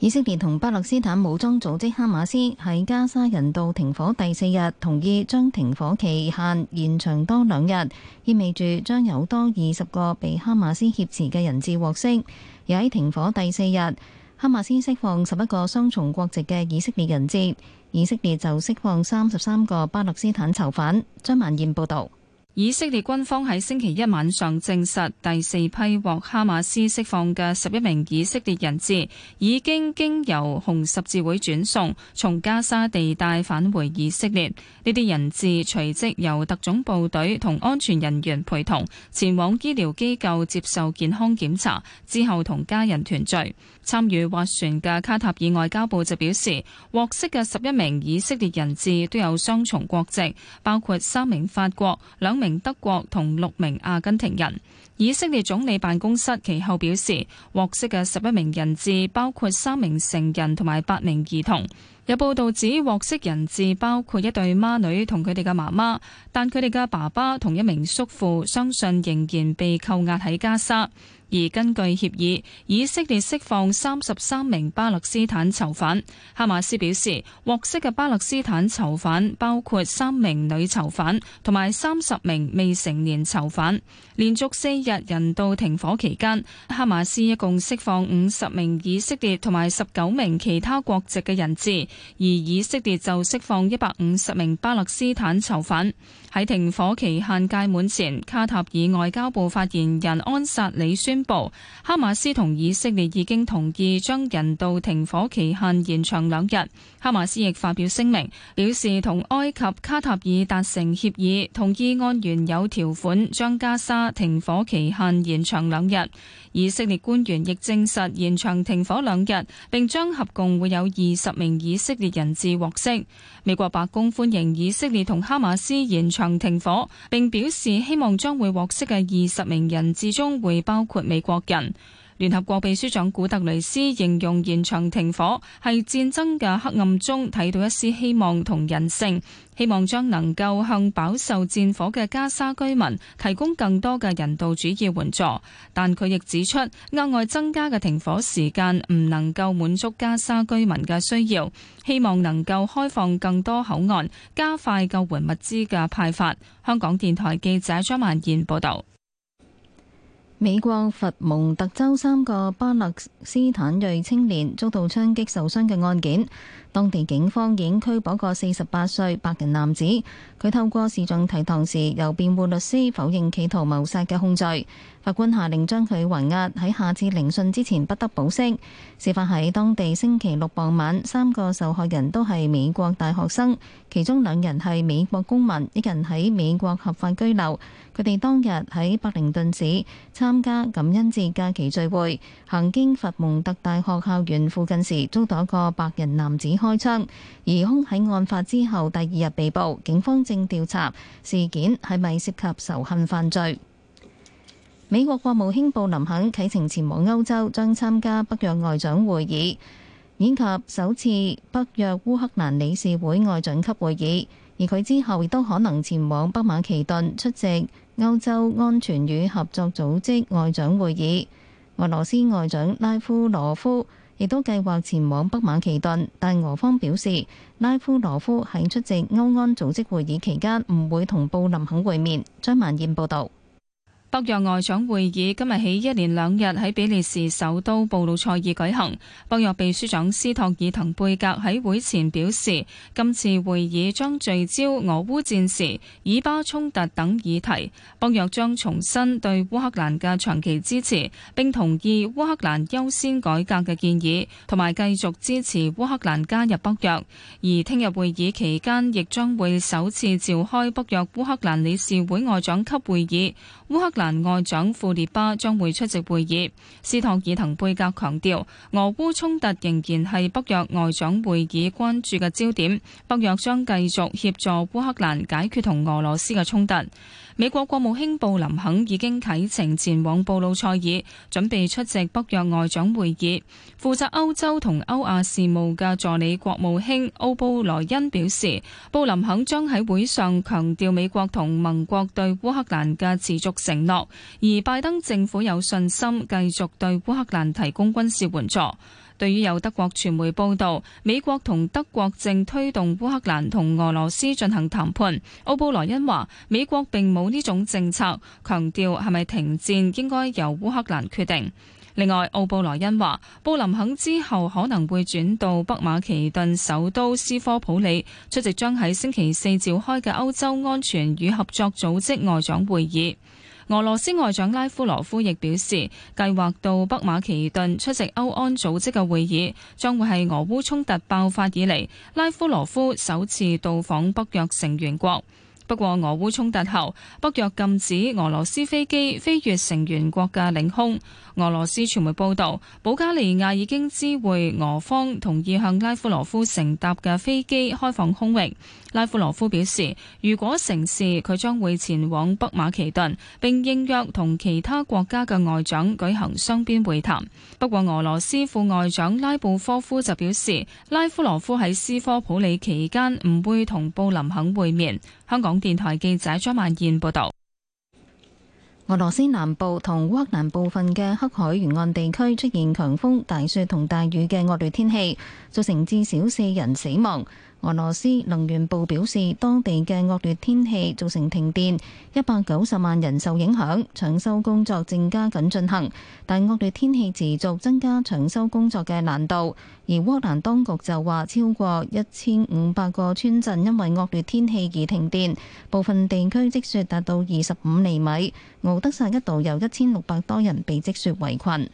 以色列同巴勒斯坦武裝組織哈馬斯喺加沙人道停火第四日，同意將停火期限延長多兩日，意味住將有多二十個被哈馬斯挾持嘅人質獲釋。而喺停火第四日，哈馬斯釋放十一個雙重國籍嘅以色列人質，以色列就釋放三十三個巴勒斯坦囚犯。張萬燕報導。以色列軍方喺星期一晚上證實，第四批獲哈馬斯釋放嘅十一名以色列人質已經經由紅十字會轉送，從加沙地帶返回以色列。呢啲人質隨即由特種部隊同安全人員陪同前往醫療機構接受健康檢查，之後同家人團聚。參與斡旋嘅卡塔爾外交部就表示，獲釋嘅十一名以色列人質都有雙重國籍，包括三名法國、兩名，德國同六名阿根廷人，以色列總理辦公室其後表示，獲釋嘅十一名人質包括三名成人同埋八名兒童。有報道指獲釋人質包括一對孖女同佢哋嘅媽媽，但佢哋嘅爸爸同一名叔父相信仍然被扣押喺加沙。而根據協議，以色列釋放三十三名巴勒斯坦囚犯。哈馬斯表示，獲釋嘅巴勒斯坦囚犯包括三名女囚犯同埋三十名未成年囚犯。連續四日人道停火期間，哈馬斯一共釋放五十名以色列同埋十九名其他國籍嘅人質，而以色列就釋放一百五十名巴勒斯坦囚犯。喺停火期限屆滿前，卡塔爾外交部發言人安薩里宣布，哈馬斯同以色列已經同意將人道停火期限延長兩日。哈馬斯亦發表聲明，表示同埃及、卡塔爾達成協議，同意按原有條款將加沙停火期限延長兩日。以色列官員亦證實延長停火兩日，並將合共會有二十名以色列人質獲釋。美國白宮歡迎以色列同哈馬斯延長停火，並表示希望將會獲釋嘅二十名人質中會包括美國人。聯合國秘書長古特雷斯形容延長停火係戰爭嘅黑暗中睇到一絲希望同人性，希望將能夠向飽受戰火嘅加沙居民提供更多嘅人道主義援助。但佢亦指出，額外增加嘅停火時間唔能夠滿足加沙居民嘅需要，希望能夠開放更多口岸，加快救援物資嘅派發。香港電台記者張曼燕報道。美國佛蒙特州三個巴勒斯坦裔青年遭到槍擊受傷嘅案件。當地警方已經拘捕個四十八歲白人男子，佢透過視像提堂時，由辯護律師否認企圖謀殺嘅控罪。法官下令將佢還押喺下次聆訊之前不得保釋。事發喺當地星期六傍晚，三個受害人都係美國大學生，其中兩人係美國公民，一人喺美國合法居留。佢哋當日喺白靈頓市參加感恩節假期聚會。行經佛蒙特大學校園附近時，遭到一個白人男子開槍，疑兇喺案發之後第二日被捕。警方正調查事件係咪涉及仇恨犯罪。美國國務卿布林肯啟程前往歐洲，將參加北約外長會議，以及首次北約烏克蘭理事會外長級會議。而佢之後亦都可能前往北馬其頓出席歐洲安全與合作組織外長會議。俄羅斯外長拉夫羅夫亦都計劃前往北馬其頓，但俄方表示，拉夫羅夫喺出席歐安組織會議期間唔會同布林肯會面。張曼燕報導。北約外長會議今日起一連兩日喺比利時首都布魯塞爾舉行。北約秘書長斯托爾滕貝格喺會前表示，今次會議將聚焦俄烏戰事、以巴衝突等議題。北約將重申對烏克蘭嘅長期支持，並同意烏克蘭優先改革嘅建議，同埋繼續支持烏克蘭加入北約。而聽日會議期間，亦將會首次召開北約烏克蘭理事會外長級會議。烏克外長庫列巴將會出席會議。斯托爾滕貝格強調，俄烏衝突仍然係北約外長會議關注嘅焦點，北約將繼續協助烏克蘭解決同俄羅斯嘅衝突。美國國務卿布林肯已經啟程前往布魯塞爾，準備出席北約外長會議。負責歐洲同歐亞事務嘅助理國務卿奧布萊恩表示，布林肯將喺會上強調美國同盟國對烏克蘭嘅持續承諾，而拜登政府有信心繼續對烏克蘭提供軍事援助。對於有德國傳媒報道，美國同德國正推動烏克蘭同俄羅斯進行談判，奧布萊恩話：美國並冇呢種政策，強調係咪停戰應該由烏克蘭決定。另外，奧布萊恩話，布林肯之後可能會轉到北馬其頓首都斯科普里，出席將喺星期四召開嘅歐洲安全與合作組織外長會議。俄羅斯外長拉夫羅夫亦表示，計劃到北馬其頓出席歐安組織嘅會議，將會係俄烏衝突爆發以嚟，拉夫羅夫首次到訪北約成員國。不過，俄烏衝突後，北約禁止俄羅斯飛機飛越成員國嘅領空。俄羅斯傳媒報道，保加利亞已經知會俄方，同意向拉夫羅夫乘搭嘅飛機開放空域。拉夫羅夫表示，如果成事，佢將會前往北馬其頓，並應約同其他國家嘅外長舉行雙邊會談。不過，俄羅斯副外長拉布科夫就表示，拉夫羅夫喺斯科普里期間唔會同布林肯會面。香港電台記者張萬燕報道。俄羅斯南部同烏克蘭部分嘅黑海沿岸地區出現強風、大雪同大雨嘅惡劣天氣，造成至少四人死亡。俄羅斯能源部表示，當地嘅惡劣天氣造成停電，一百九十萬人受影響，搶修工作正加緊進行。但惡劣天氣持續，增加搶修工作嘅難度。而烏克蘭當局就話，超過一千五百個村鎮因為惡劣天氣而停電，部分地區積雪達到二十五厘米。敖德薩一度有一千六百多人被積雪圍困。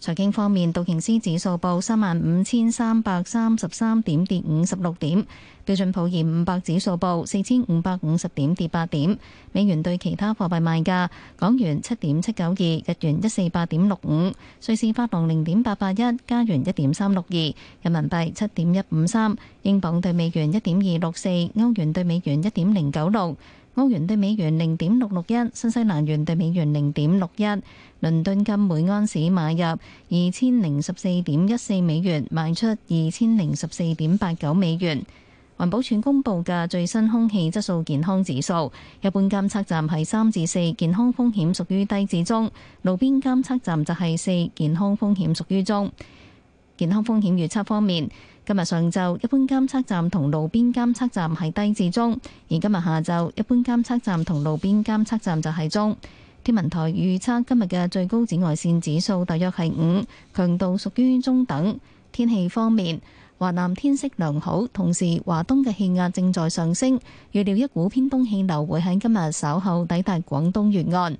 財經方面，道瓊斯指數報三萬五千三百三十三點，跌五十六點；標準普爾五百指數報四千五百五十點，跌八點。美元對其他貨幣賣價，港元七點七九二，日元一四八點六五，瑞士法郎零點八八一，加元一點三六二，人民幣七點一五三，英鎊對美元一點二六四，歐元對美元一點零九六。歐元兌美元零點六六一，新西蘭元兌美元零點六一，倫敦金每安士買入二千零十四點一四美元，賣出二千零十四點八九美元。環保署公布嘅最新空氣質素健康指數，一般監測站係三至四，健康風險屬於低至中；路邊監測站就係四，健康風險屬於中。健康風險預測方面。今日上晝一般監測站同路邊監測站係低至中，而今日下晝一般監測站同路邊監測站就係中。天文台預測今日嘅最高紫外線指數大約係五，強度屬於中等。天氣方面，華南天色良好，同時華東嘅氣壓正在上升，預料一股偏東氣流會喺今日稍後抵達廣東沿岸。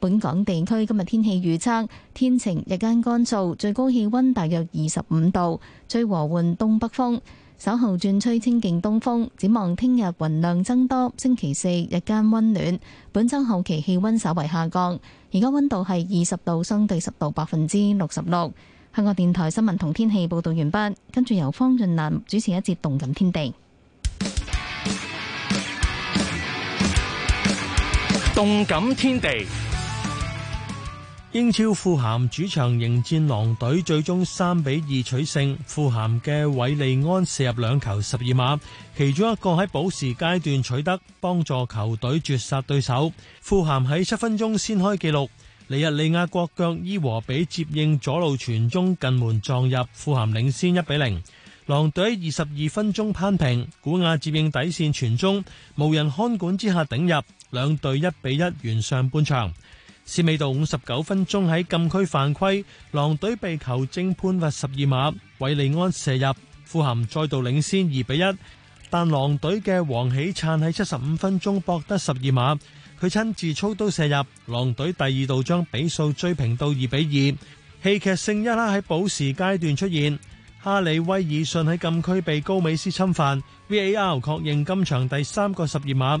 本港地區今日天氣預測：天晴，日間乾燥，最高氣溫大約二十五度，吹和緩東北風，稍後轉吹清勁東風。展望聽日雲量增多，星期四日間溫暖，本週後期氣溫稍為下降。而家溫度係二十度，相對濕度百分之六十六。香港電台新聞同天氣報道完畢，跟住由方俊南主持一節《動感天地》。《動感天地》英超富咸主場迎戰狼隊，最終三比二取勝。富咸嘅韋利安射入兩球十二碼，其中一個喺補時階段取得，幫助球隊絕殺對手。富咸喺七分鐘先開記錄，尼日利亞國腳伊和比接應左路傳中近門撞入，富咸領先一比零。狼隊二十二分鐘攀平，古亞接應底線傳中，無人看管之下頂入，兩隊一比一完上半場。斯美度五十九分鐘喺禁區犯規，狼隊被球證判罰十二碼，韋利安射入，富咸再度領先二比一。但狼隊嘅黃喜燦喺七十五分鐘博得十二碼，佢親自操刀射入，狼隊第二度將比數追平到二比二。戲劇性一刻喺補時階段出現，哈里威爾遜喺禁區被高美斯侵犯，VAR 確認今場第三個十二碼。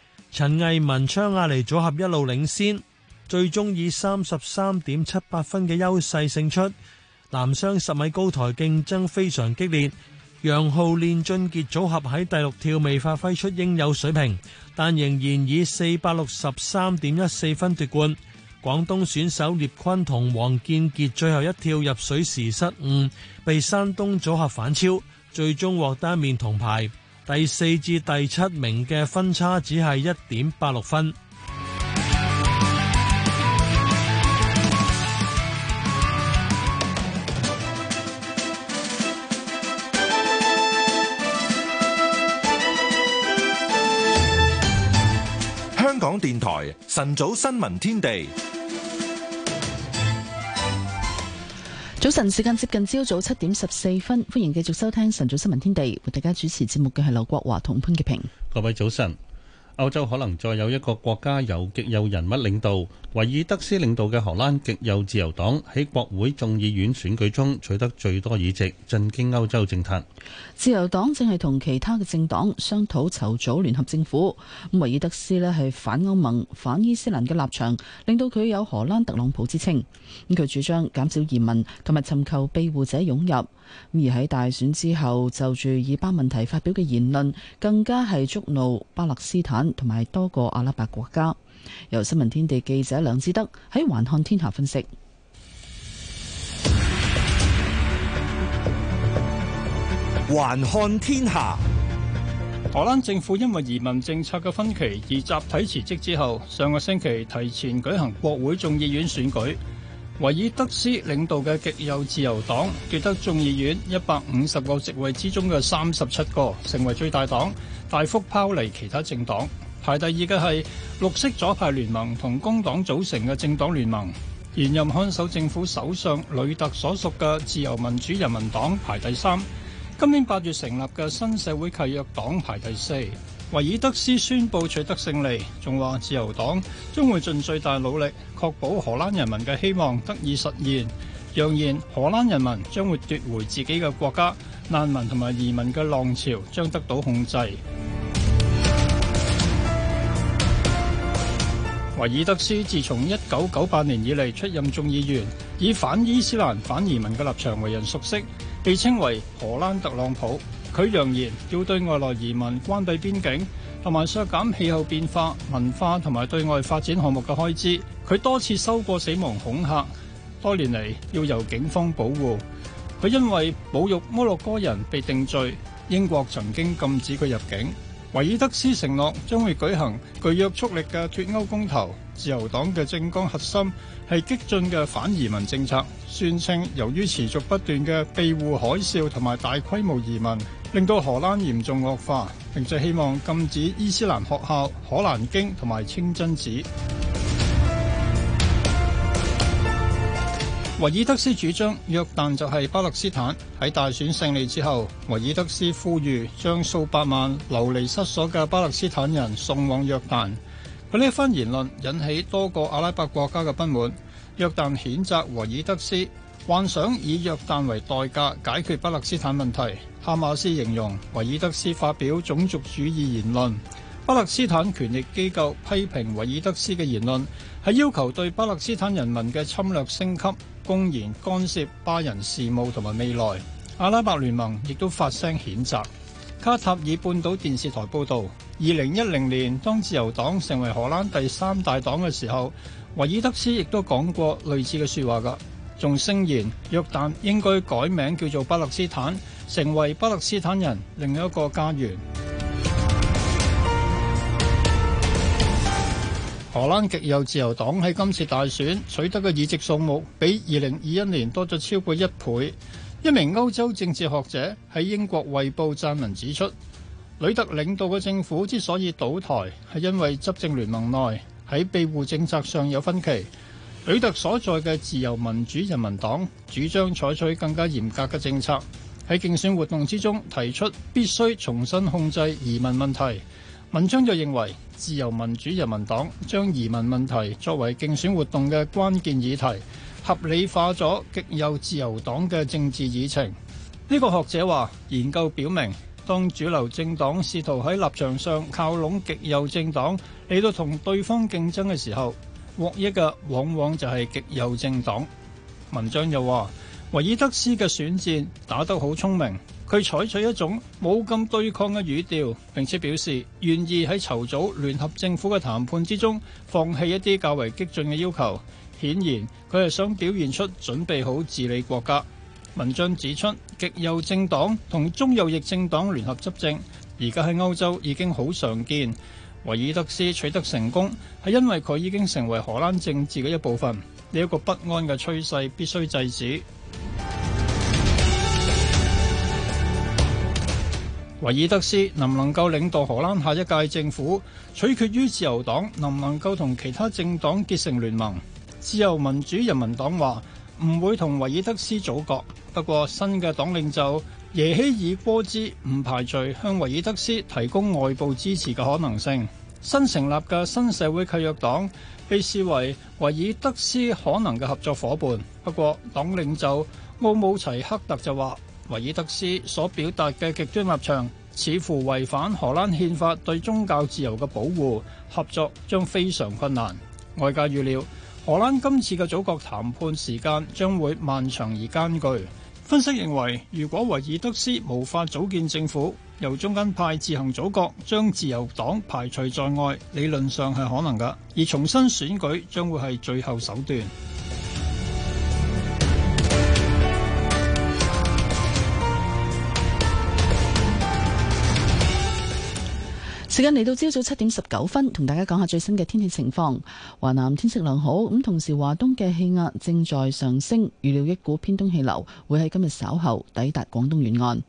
陳藝文、昌雅妮組合一路領先，最終以三十三點七八分嘅優勢勝出。男雙十米高台競爭非常激烈，楊昊練俊杰組合喺第六跳未發揮出應有水平，但仍然以四百六十三點一四分奪冠。廣東選手聶坤同黃建杰最後一跳入水時失誤，被山東組合反超，最終獲得一面銅牌。第四至第七名嘅分差只係一點八六分。香港電台晨早新聞天地。早晨，時間接近朝早七點十四分，歡迎繼續收聽晨早新聞天地。為大家主持節目嘅係劉國華同潘潔平。各位早晨，歐洲可能再有一個國家由極右人物領導，維爾德斯領導嘅荷蘭極右自由黨喺國會眾議院選舉中取得最多議席，震驚歐洲政壇。自由黨正係同其他嘅政黨商討籌組聯合政府。咁維爾德斯咧係反歐盟、反伊斯蘭嘅立場，令到佢有荷蘭特朗普之稱。咁佢主張減少移民，今日尋求庇護者湧入。而喺大選之後就住以巴問題發表嘅言論，更加係觸怒巴勒斯坦同埋多個阿拉伯國家。由新聞天地記者梁志德喺環看天下分析。環看天下，荷蘭政府因為移民政策嘅分歧而集體辭職之後，上個星期提前舉行國會眾議院選舉。維爾德斯領導嘅極右自由黨奪得眾議院一百五十個席位之中嘅三十七個，成為最大黨，大幅拋離其他政黨。排第二嘅係綠色左派聯盟同工黨組成嘅政黨聯盟，現任看守政府首相呂特所屬嘅自由民主人民黨排第三。今年八月成立嘅新社會契約黨排第四，維爾德斯宣布取得勝利，仲話自由黨將會盡最大努力確保荷蘭人民嘅希望得以實現，揚言荷蘭人民將會奪回自己嘅國家，難民同埋移民嘅浪潮將得到控制。 (noise) 維爾德斯自從一九九八年以嚟出任眾議員，以反伊斯蘭、反移民嘅立場為人熟悉。被稱為荷蘭特朗普，佢揚言要對外來移民關閉邊境，同埋削減氣候變化、文化同埋對外發展項目嘅開支。佢多次收過死亡恐嚇，多年嚟要由警方保護。佢因為侮辱摩洛哥人被定罪，英國曾經禁止佢入境。維爾德斯承諾將會舉行具約束力嘅脱歐公投，自由黨嘅政綱核心係激進嘅反移民政策，宣稱由於持續不斷嘅庇護海嘯同埋大規模移民，令到荷蘭嚴重惡化，並且希望禁止伊斯蘭學校、可蘭經同埋清真寺。維爾 (noise) 斯主張約旦就係巴勒斯坦，喺大選勝利之後，維爾德斯呼籲將數百萬流離失所嘅巴勒斯坦人送往約旦。佢呢一番言論引起多個阿拉伯國家嘅不滿，約旦譴責維爾德斯，幻想以約旦為代價解決巴勒斯坦問題。哈馬斯形容維爾德斯發表種族主義言論，巴勒斯坦權力機構批評維爾德斯嘅言論係要求對巴勒斯坦人民嘅侵略升級，公然干涉巴人事務同埋未來。阿拉伯聯盟亦都發聲譴責。卡塔爾半島電視台報導，二零一零年當自由黨成為荷蘭第三大黨嘅時候，維爾德斯亦都講過類似嘅説話噶，仲聲言約旦應該改名叫做巴勒斯坦，成為巴勒斯坦人另一個家園。 (music) 荷蘭極右自由黨喺今次大選取得嘅議席數目，比二零二一年多咗超過一倍。一名歐洲政治學者喺英國衛報撰文指出，呂特領導嘅政府之所以倒台，係因為執政聯盟內喺庇護政策上有分歧。呂特所在嘅自由民主人民黨主張採取更加嚴格嘅政策，喺競選活動之中提出必須重新控制移民問題。文章就認為，自由民主人民黨將移民問題作為競選活動嘅關鍵議題，合理化咗極右自由黨嘅政治議程。呢個學者話：研究表明，當主流政黨試圖喺立場上靠攏極右政黨嚟到同對方競爭嘅時候，獲益嘅往往就係極右政黨。文章又話：維爾德斯嘅選戰打得好聰明，佢採取一種冇咁對抗嘅語調，並且表示願意喺籌組聯合政府嘅談判之中放棄一啲較為激進嘅要求。顯然佢係想表現出準備好治理國家。文章指出，極右政黨同中右翼政黨聯合執政，而家喺歐洲已經好常見。維爾德斯取得成功係因為佢已經成為荷蘭政治嘅一部分。呢、這、一個不安嘅趨勢必須制止。維爾德 (music) 斯能唔能夠領導荷蘭下一屆政府，取決於自由黨能唔能夠同其他政黨結成聯盟。自由民主人民黨話唔會同維爾德斯組閣，不過新嘅黨領袖耶希爾波茲唔排除向維爾德斯提供外部支持嘅可能性。新成立嘅新社會契約黨被視為維爾德斯可能嘅合作夥伴，不過黨領袖奧姆齊克特就話，維爾德斯所表達嘅極端立場似乎違反荷蘭憲法對宗教自由嘅保護，合作將非常困難。外界預料。荷蘭今次嘅組閣談判時間將會漫長而艱巨。分析認為，如果維爾德斯無法組建政府，由中間派自行組閣，將自由黨排除在外，理論上係可能噶。而重新選舉將會係最後手段。時間嚟到朝早七點十九分，同大家講下最新嘅天氣情況。華南天色良好，咁同時華東嘅氣壓正在上升，預料一股偏東氣流會喺今日稍後抵達廣東沿岸。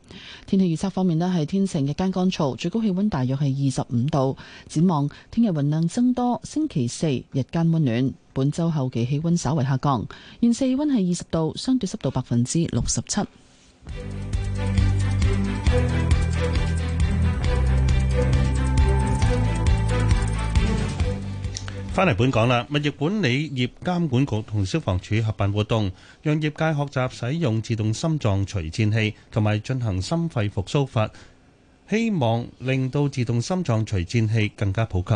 天氣預測方面呢係天晴，日間乾燥，最高氣溫大約係二十五度。展望聽日雲量增多，星期四日間溫暖，本周後期氣溫稍為下降，現時氣溫係二十度，相對濕度百分之六十七。翻嚟本港啦，物業管理業監管局同消防處合辦活動，讓業界學習使用自動心臟除顫器，同埋進行心肺復甦法，希望令到自動心臟除顫器更加普及。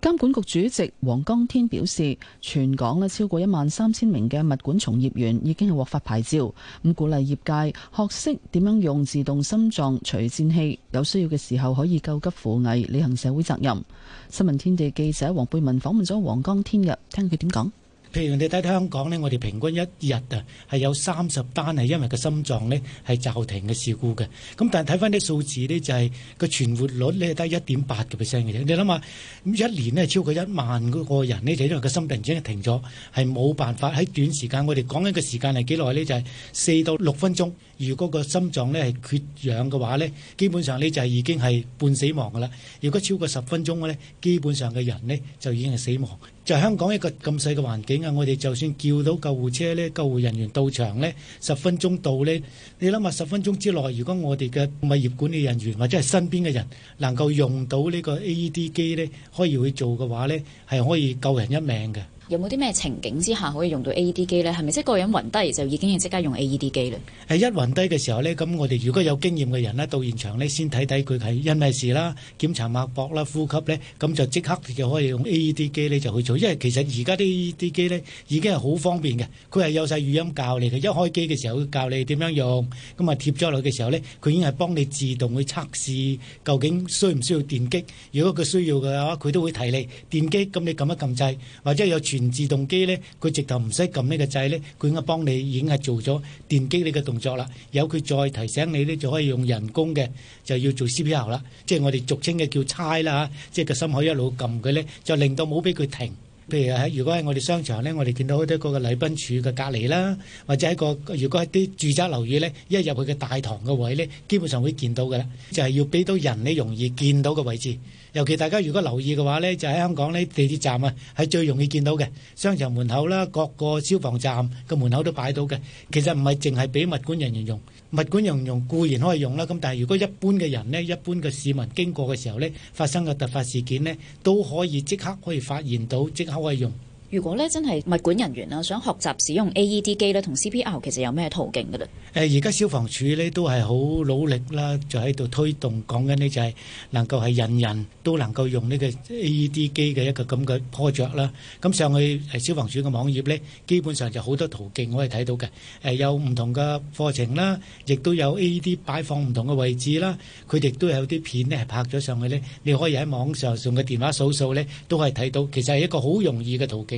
監管局主席黃江天表示，全港呢超過一萬三千名嘅物管從業員已經係獲發牌照，咁鼓勵業界學識點樣用自動心臟除顫器，有需要嘅時候可以救急扶危，履行社會責任。新聞天地記者黃貝文訪問咗黃江天日，聽佢點講。譬如你睇香港咧，我哋平均一日啊係有三十單係因為個心臟咧係驟停嘅事故嘅。咁但係睇翻啲數字咧，就係個存活率咧得一點八嘅 percent 嘅啫。你諗下，咁一年咧超過一萬嗰個人咧，就因為個心突然之間停咗，係冇辦法喺短時間。我哋講緊嘅時間係幾耐咧？就係四到六分鐘。如果個心臟咧係缺氧嘅話咧，基本上咧就係已經係半死亡㗎啦。如果超過十分鐘咧，基本上嘅人咧就已經係死亡。就香港一個咁細嘅環境啊！我哋就算叫到救護車咧，救護人員到場咧，十分鐘到咧，你諗下，十分鐘之內，如果我哋嘅物業管理人員或者係身邊嘅人能夠用到呢個 AED 機咧，可以去做嘅話咧，係可以救人一命嘅。有冇啲咩情景之下可以用到 AED 機咧？係咪即係個人暈低就已經要即刻用 AED 機啦？係一暈低嘅時候咧，咁我哋如果有經驗嘅人咧，到現場咧先睇睇佢係因咩事啦，檢查脈搏啦、呼吸咧，咁就即刻就可以用 AED 機咧就去做。因為其實而家啲 AED 機咧已經係好方便嘅，佢係有晒語音教你嘅。一開機嘅時候會教你點樣用，咁啊貼咗落去嘅時候咧，佢已經係幫你自動去測試究竟需唔需要電擊。如果佢需要嘅話，佢都會提你電擊，咁你撳一撳掣或者有電自動機咧，佢直頭唔使撳呢個掣咧，佢應該幫你已經係做咗電擊你嘅動作啦。由佢再提醒你咧，就可以用人工嘅就要做 CPR 啦，即係我哋俗稱嘅叫差啦嚇。即係個心口一路撳佢咧，就令到冇俾佢停。譬如喺如果喺我哋商場咧，我哋見到好多個嘅禮賓處嘅隔離啦，或者喺個如果喺啲住宅樓宇咧，一入去嘅大堂嘅位咧，基本上會見到噶啦，就係、是、要俾到人咧，容易見到嘅位置。尤其大家如果留意嘅話呢就喺香港呢地鐵站啊，係最容易見到嘅商場門口啦，各個消防站個門口都擺到嘅。其實唔係淨係俾物管人員用，物管人員用固然可以用啦。咁但係如果一般嘅人呢，一般嘅市民經過嘅時候呢，發生嘅突發事件呢，都可以即刻可以發現到，即刻可以用。如果咧真係物管人員啦，想學習使用 AED 機咧，同 CPR 其實有咩途徑嘅咧？誒，而家消防處咧都係好努力啦，就喺度推動，講緊呢，就係能夠係人人都能夠用呢個 AED 機嘅一個咁嘅 project 啦。咁上去消防處嘅網頁咧，基本上就好多途徑可以睇到嘅。誒，有唔同嘅課程啦，亦都有 AED 擺放唔同嘅位置啦，佢亦都有啲片咧係拍咗上去咧，你可以喺網上用嘅電話搜搜咧，都係睇到，其實係一個好容易嘅途徑。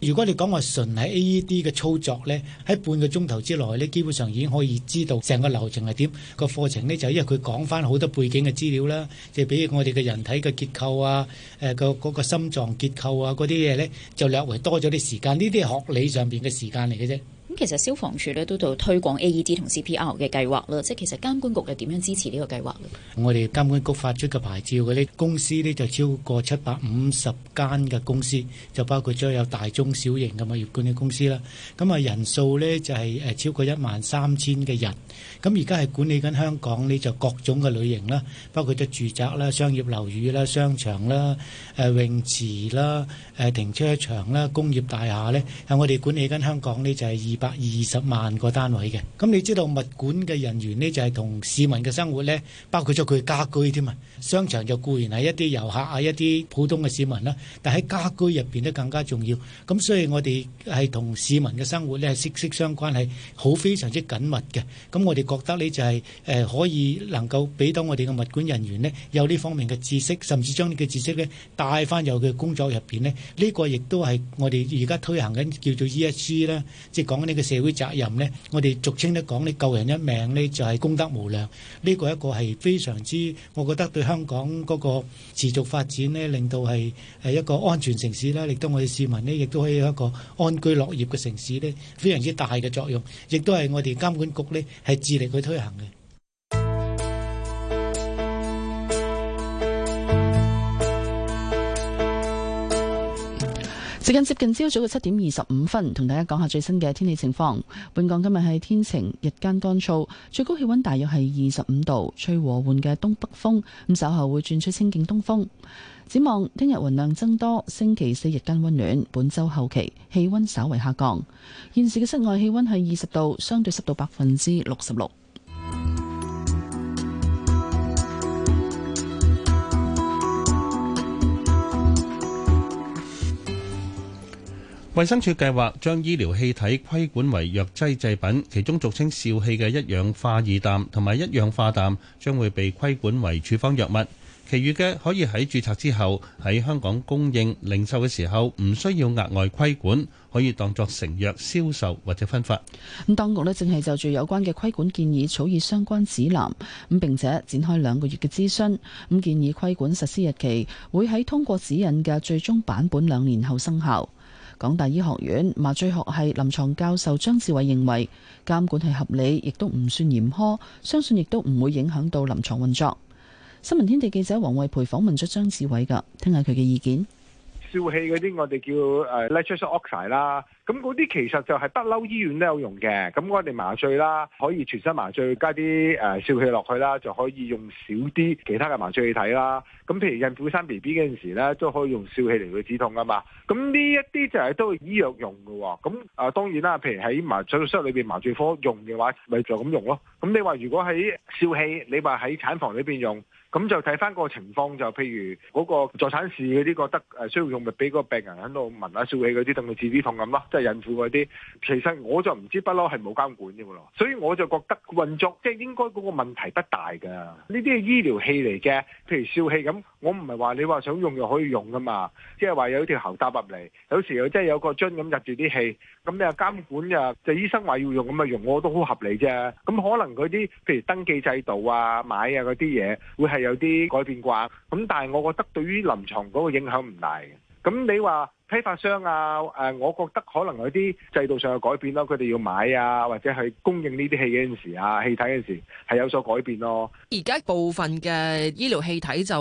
如果你講話純係 AED 嘅操作咧，喺半個鐘頭之內咧，基本上已經可以知道成個流程係點。個課程咧就因為佢講翻好多背景嘅資料啦，即係比如我哋嘅人體嘅結構啊，誒個嗰個心臟結構啊嗰啲嘢咧，就略為多咗啲時間。呢啲係學理上邊嘅時間嚟嘅啫。咁其實消防處咧都度推廣 AED 同 CPR 嘅計劃啦，即係其實監管局係點樣支持呢個計劃？我哋監管局發出嘅牌照嘅呢，公司咧就超過七百五十間嘅公司，就包括咗有大中。小型嘅物業管理公司啦，咁啊人數咧就係誒超過一萬三千嘅人，咁而家係管理緊香港咧就各種嘅類型啦，包括咗住宅啦、商業樓宇啦、商場啦、誒泳池啦、誒停車場啦、工業大廈咧，係我哋管理緊香港咧就係二百二十萬個單位嘅，咁你知道物管嘅人員咧就係同市民嘅生活咧，包括咗佢嘅家居添啊，商場就固然係一啲遊客啊，一啲普通嘅市民啦，但喺家居入邊都更加重要，咁。所以我哋係同市民嘅生活咧係息息相關，係好非常之緊密嘅。咁我哋覺得咧就係誒可以能夠俾到我哋嘅物管人員咧有呢方面嘅知識，甚至將呢個知識咧帶翻有佢工作入邊咧。呢、這個亦都係我哋而家推行緊叫做 ESG 啦，即係講呢個社會責任咧。我哋俗稱咧講你救人一命咧就係功德無量。呢、這個一個係非常之，我覺得對香港嗰個持續發展咧，令到係誒一個安全城市啦，令到我哋市民咧亦都可以。一個安居樂業嘅城市咧，非常之大嘅作用，亦都係我哋監管局咧係致力去推行嘅。時間接近朝早嘅七點二十五分，同大家講下最新嘅天氣情況。本港今日係天晴，日間乾燥，最高氣溫大約係二十五度，吹和緩嘅東北風，咁稍後會轉出清勁東風。展望聽日雲量增多，星期四日間溫暖。本周後期氣温稍為下降。現時嘅室外氣温係二十度，相對濕度百分之六十六。衛生署計劃將醫療氣體規管為藥劑製品，其中俗稱笑氣嘅一氧化二氮同埋一氧化氮將會被規管為處方藥物。其餘嘅可以喺註冊之後喺香港供應零售嘅時候，唔需要額外規管，可以當作成藥銷售或者分發。咁當局咧正係就住有關嘅規管建議草擬相關指南，咁並且展開兩個月嘅諮詢。咁建議規管實施日期會喺通過指引嘅最終版本兩年後生效。港大醫學院麻醉學系臨床教授張志偉認為監管係合理，亦都唔算嚴苛，相信亦都唔會影響到臨床運作。新聞天地記者王衛培訪問咗張志偉噶，聽下佢嘅意見。笑氣嗰啲我哋叫誒 nitrous oxide 啦，咁嗰啲其實就係不嬲醫院都有用嘅，咁我哋麻醉啦，可以全身麻醉加啲誒笑氣落去啦，就可以用少啲其他嘅麻醉氣體啦。咁譬如孕婦生 B B 嗰陣時咧，都可以用笑氣嚟去止痛噶嘛。咁呢一啲就係都係醫藥用嘅，咁啊當然啦，譬如喺麻醉室裏邊麻醉科用嘅話，咪就咁、是、用咯。咁你話如果喺笑氣，你話喺產房裏邊用？咁就睇翻個情況，就譬如嗰個助產士嗰啲覺得誒需要用，咪俾個病人喺度聞下笑氣嗰啲，等佢止啲痛咁咯，即係孕婦嗰啲。其實我就唔知不嬲係冇監管嘅喎，所以我就覺得運作即係、就是、應該嗰個問題不大嘅。呢啲係醫療器嚟嘅，譬如笑氣咁，我唔係話你話想用就可以用噶嘛，即係話有條喉搭入嚟，有時又即係有個樽咁入住啲氣。咁啊監管又就醫生話要用咁啊用我都好合理啫。咁可能佢啲譬如登記制度啊、買啊嗰啲嘢，會係有啲改變啩。咁但係我覺得對於臨床嗰個影響唔大。咁你話批發商啊？誒、呃，我覺得可能有啲制度上嘅改變咯、啊。佢哋要買啊，或者係供應呢啲氣嗰陣時啊，氣體嗰陣時係有所改變咯、啊。而家部分嘅醫療氣體就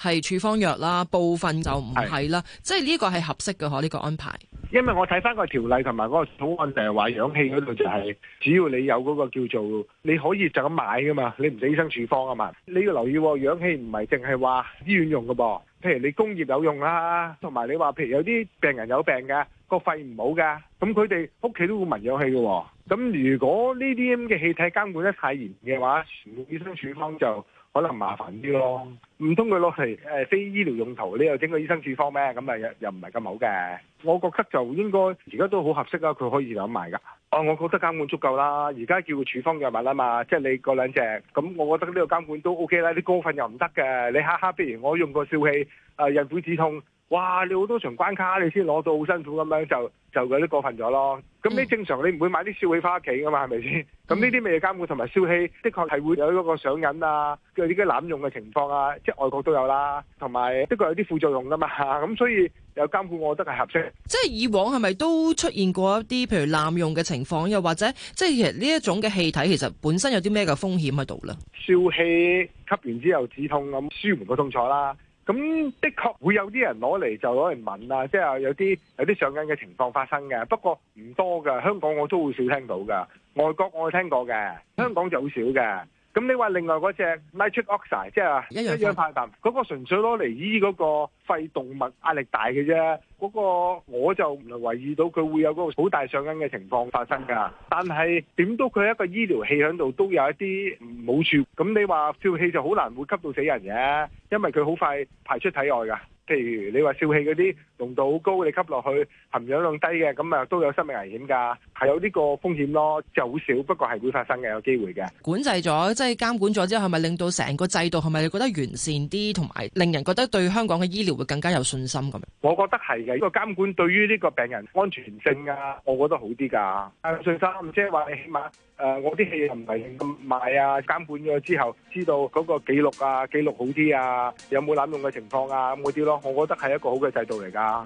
係處方藥啦，部分就唔係啦。是即係呢個係合適嘅嗬？呢、呢個安排。因為我睇翻個條例同埋嗰個草案成日話氧氣嗰度就係、是，只 (laughs) 要你有嗰個叫做你可以就咁買嘅嘛，你唔使醫生處方啊嘛。你要留意、哦、氧氣唔係淨係話醫院用嘅噃。譬如你工業有用啦，同埋你話譬如有啲病人有病嘅，個肺唔好嘅，咁佢哋屋企都會聞有氣嘅。咁如果呢啲咁嘅氣體監管得太嚴嘅話，全部醫生處方就，可能麻煩啲咯，唔通佢攞嚟誒非醫療用途，你又整個醫生處方咩？咁啊又又唔係咁好嘅。我覺得就應該而家都好合適啦，佢可以諗埋噶。哦，我覺得監管足夠啦，而家叫個處方藥物啊嘛，即係你嗰兩隻，咁我覺得呢個監管都 O、OK、K 啦。你過分又唔得嘅，你下下譬如我用個笑氣誒孕婦止痛。哇！你好多場關卡，你先攞到，好辛苦咁樣就就有啲過分咗咯。咁你正常、嗯、你唔會買啲笑氣翻屋企噶嘛？係咪先？咁呢啲咪要監管，同埋笑氣的確係會有嗰個上癮啊，佢啲嘅濫用嘅情況啊，即係外國都有啦、啊。同埋的確有啲副作用噶嘛。咁所以有監管，我覺得係合適。即係以往係咪都出現過一啲譬如濫用嘅情況，又或者即係其實呢一種嘅氣體其實本身有啲咩嘅風險喺度咧？笑氣吸完之後止痛咁舒緩個痛楚啦。咁的確會有啲人攞嚟就攞嚟問啊，即係有啲有啲上癮嘅情況發生嘅，不過唔多㗎。香港我都好少聽到㗎，外國我聽過嘅，香港就好少嘅。咁你話另外嗰隻 nitric oxide 即係一樣派別，嗰個純粹攞嚟醫嗰個肺動脈壓力大嘅啫，嗰、嗰個我就唔能懷疑到佢會有嗰個好大上癮嘅情況發生㗎。但係點都佢一個醫療器喺度都有一啲冇處，咁你話笑氣就好難會吸到死人嘅，因為佢好快排出體外㗎。譬如你話笑氣嗰啲濃度好高，你吸落去含氧量，量低嘅，咁啊都有生命危險㗎，係有呢個風險咯，就好少，不過係會發生嘅，有機會嘅。管制咗即係監管咗之後，係咪令到成個制度係咪你覺得完善啲，同埋令人覺得對香港嘅醫療會更加有信心咁？我覺得係嘅，呢、這個監管對於呢個病人安全性啊，我覺得好啲㗎。有信心即係話你起碼誒、呃，我啲氣唔係咁賣啊，監管咗之後知道嗰個記錄啊，記錄好啲啊，有冇濫用嘅情況啊咁嗰啲咯。我覺得係一個好嘅制度嚟噶。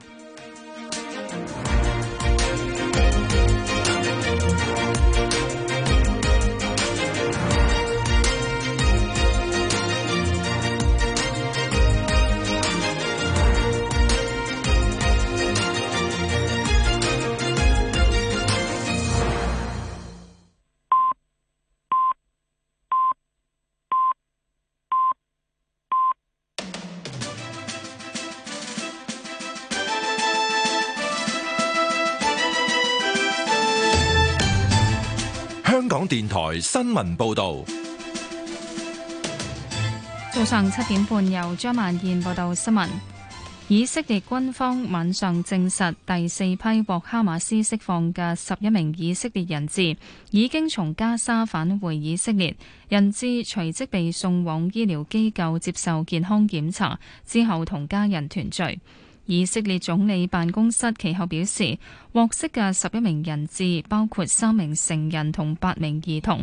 香港電台新聞報道，早上七點半由張曼燕報道新聞。以色列軍方晚上證實，第四批獲哈馬斯釋放嘅十一名以色列人質已經從加沙返回以色列。人質隨即被送往醫療機構接受健康檢查，之後同家人團聚。以色列總理辦公室其後表示，獲釋嘅十一名人質包括三名成人同八名兒童。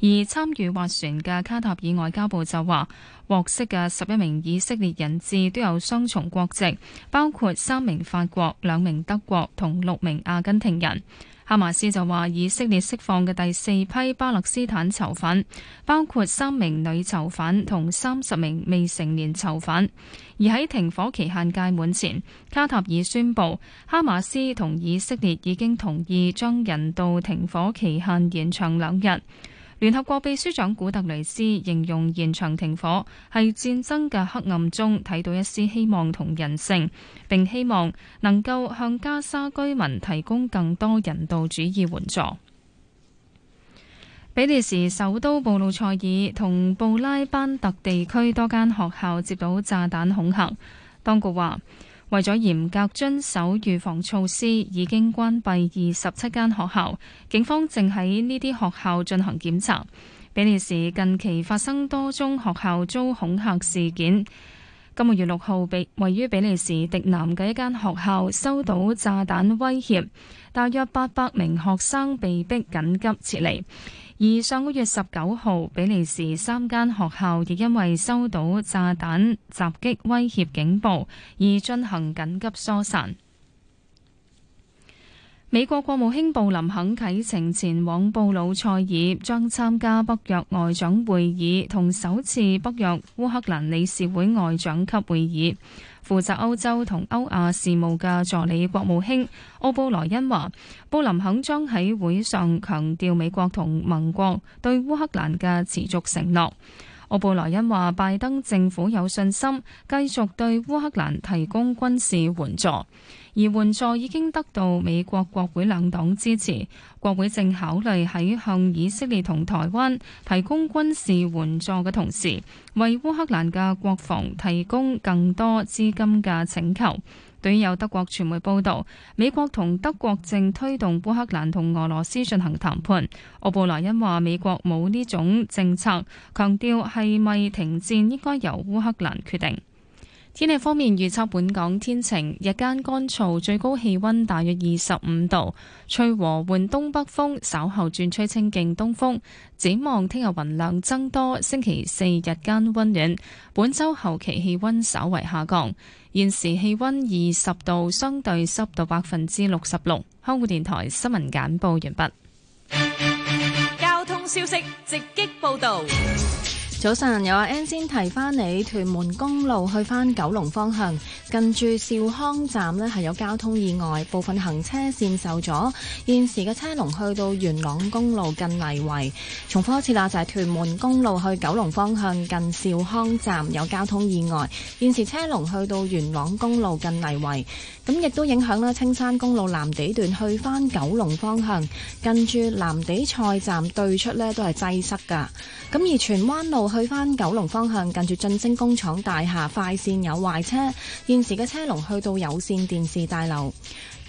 而參與斡旋嘅卡塔爾外交部就話，獲釋嘅十一名以色列人質都有雙重國籍，包括三名法國、兩名德國同六名阿根廷人。哈馬斯就話，以色列釋放嘅第四批巴勒斯坦囚犯，包括三名女囚犯同三十名未成年囚犯。而喺停火期限屆滿前，卡塔爾宣布，哈馬斯同以色列已經同意將人道停火期限延長兩日。聯合國秘書長古特雷斯形容現場停火喺戰爭嘅黑暗中睇到一絲希望同人性，並希望能夠向加沙居民提供更多人道主義援助。比利時首都布魯塞爾同布拉班特地區多間學校接到炸彈恐嚇，當局話，為咗嚴格遵守預防措施，已經關閉二十七間學校。警方正喺呢啲學校進行檢查。比利時近期發生多宗學校遭恐嚇事件。今個月六號，比位於比利時迪南嘅一間學校收到炸彈威脅，大約八百名學生被迫緊急撤離。而上個月十九號，比利時三間學校亦因為收到炸彈襲擊威脅警報而進行緊急疏散。美國國務卿布林肯啟程前往布魯塞爾，將參加北約外長會議同首次北約烏克蘭理事會外長級會議。負責歐洲同歐亞事務嘅助理國務卿奧布萊恩話，布林肯將喺會上強調美國同盟國對烏克蘭嘅持續承諾。奧布萊恩話，拜登政府有信心繼續對烏克蘭提供軍事援助。而援助已經得到美國國會兩黨支持，國會正考慮喺向以色列同台灣提供軍事援助嘅同時，為烏克蘭嘅國防提供更多資金嘅請求。對於有德國傳媒報道，美國同德國正推動烏克蘭同俄羅斯進行談判。奧布萊恩話：美國冇呢種政策，強調係咪停戰應該由烏克蘭決定。天氣方面預測本港天晴，日間乾燥，最高氣溫大約二十五度，吹和緩東北風，稍後轉吹清勁東風。展望聽日雲量增多，星期四日間溫暖。本周後期氣溫稍為下降。現時氣溫二十度，相對濕度百分之六十六。香港電台新聞簡報完畢。交通消息直擊報道。早晨，有阿 N 先提翻你屯門公路去返九龍方向，近住兆康站咧，係有交通意外，部分行車線受阻，現時嘅車龍去到元朗公路近泥圍。重複一次啦，就係、是、屯門公路去九龍方向近兆康站有交通意外，現時車龍去到元朗公路近泥圍，咁亦都影響啦，青山公路藍地段去返九龍方向，近住藍地菜站對出咧，都係擠塞㗎。咁而荃灣路去返九龍方向，近住晉星工廠大廈，快線有壞車，現時嘅車龍去到有線電視大樓。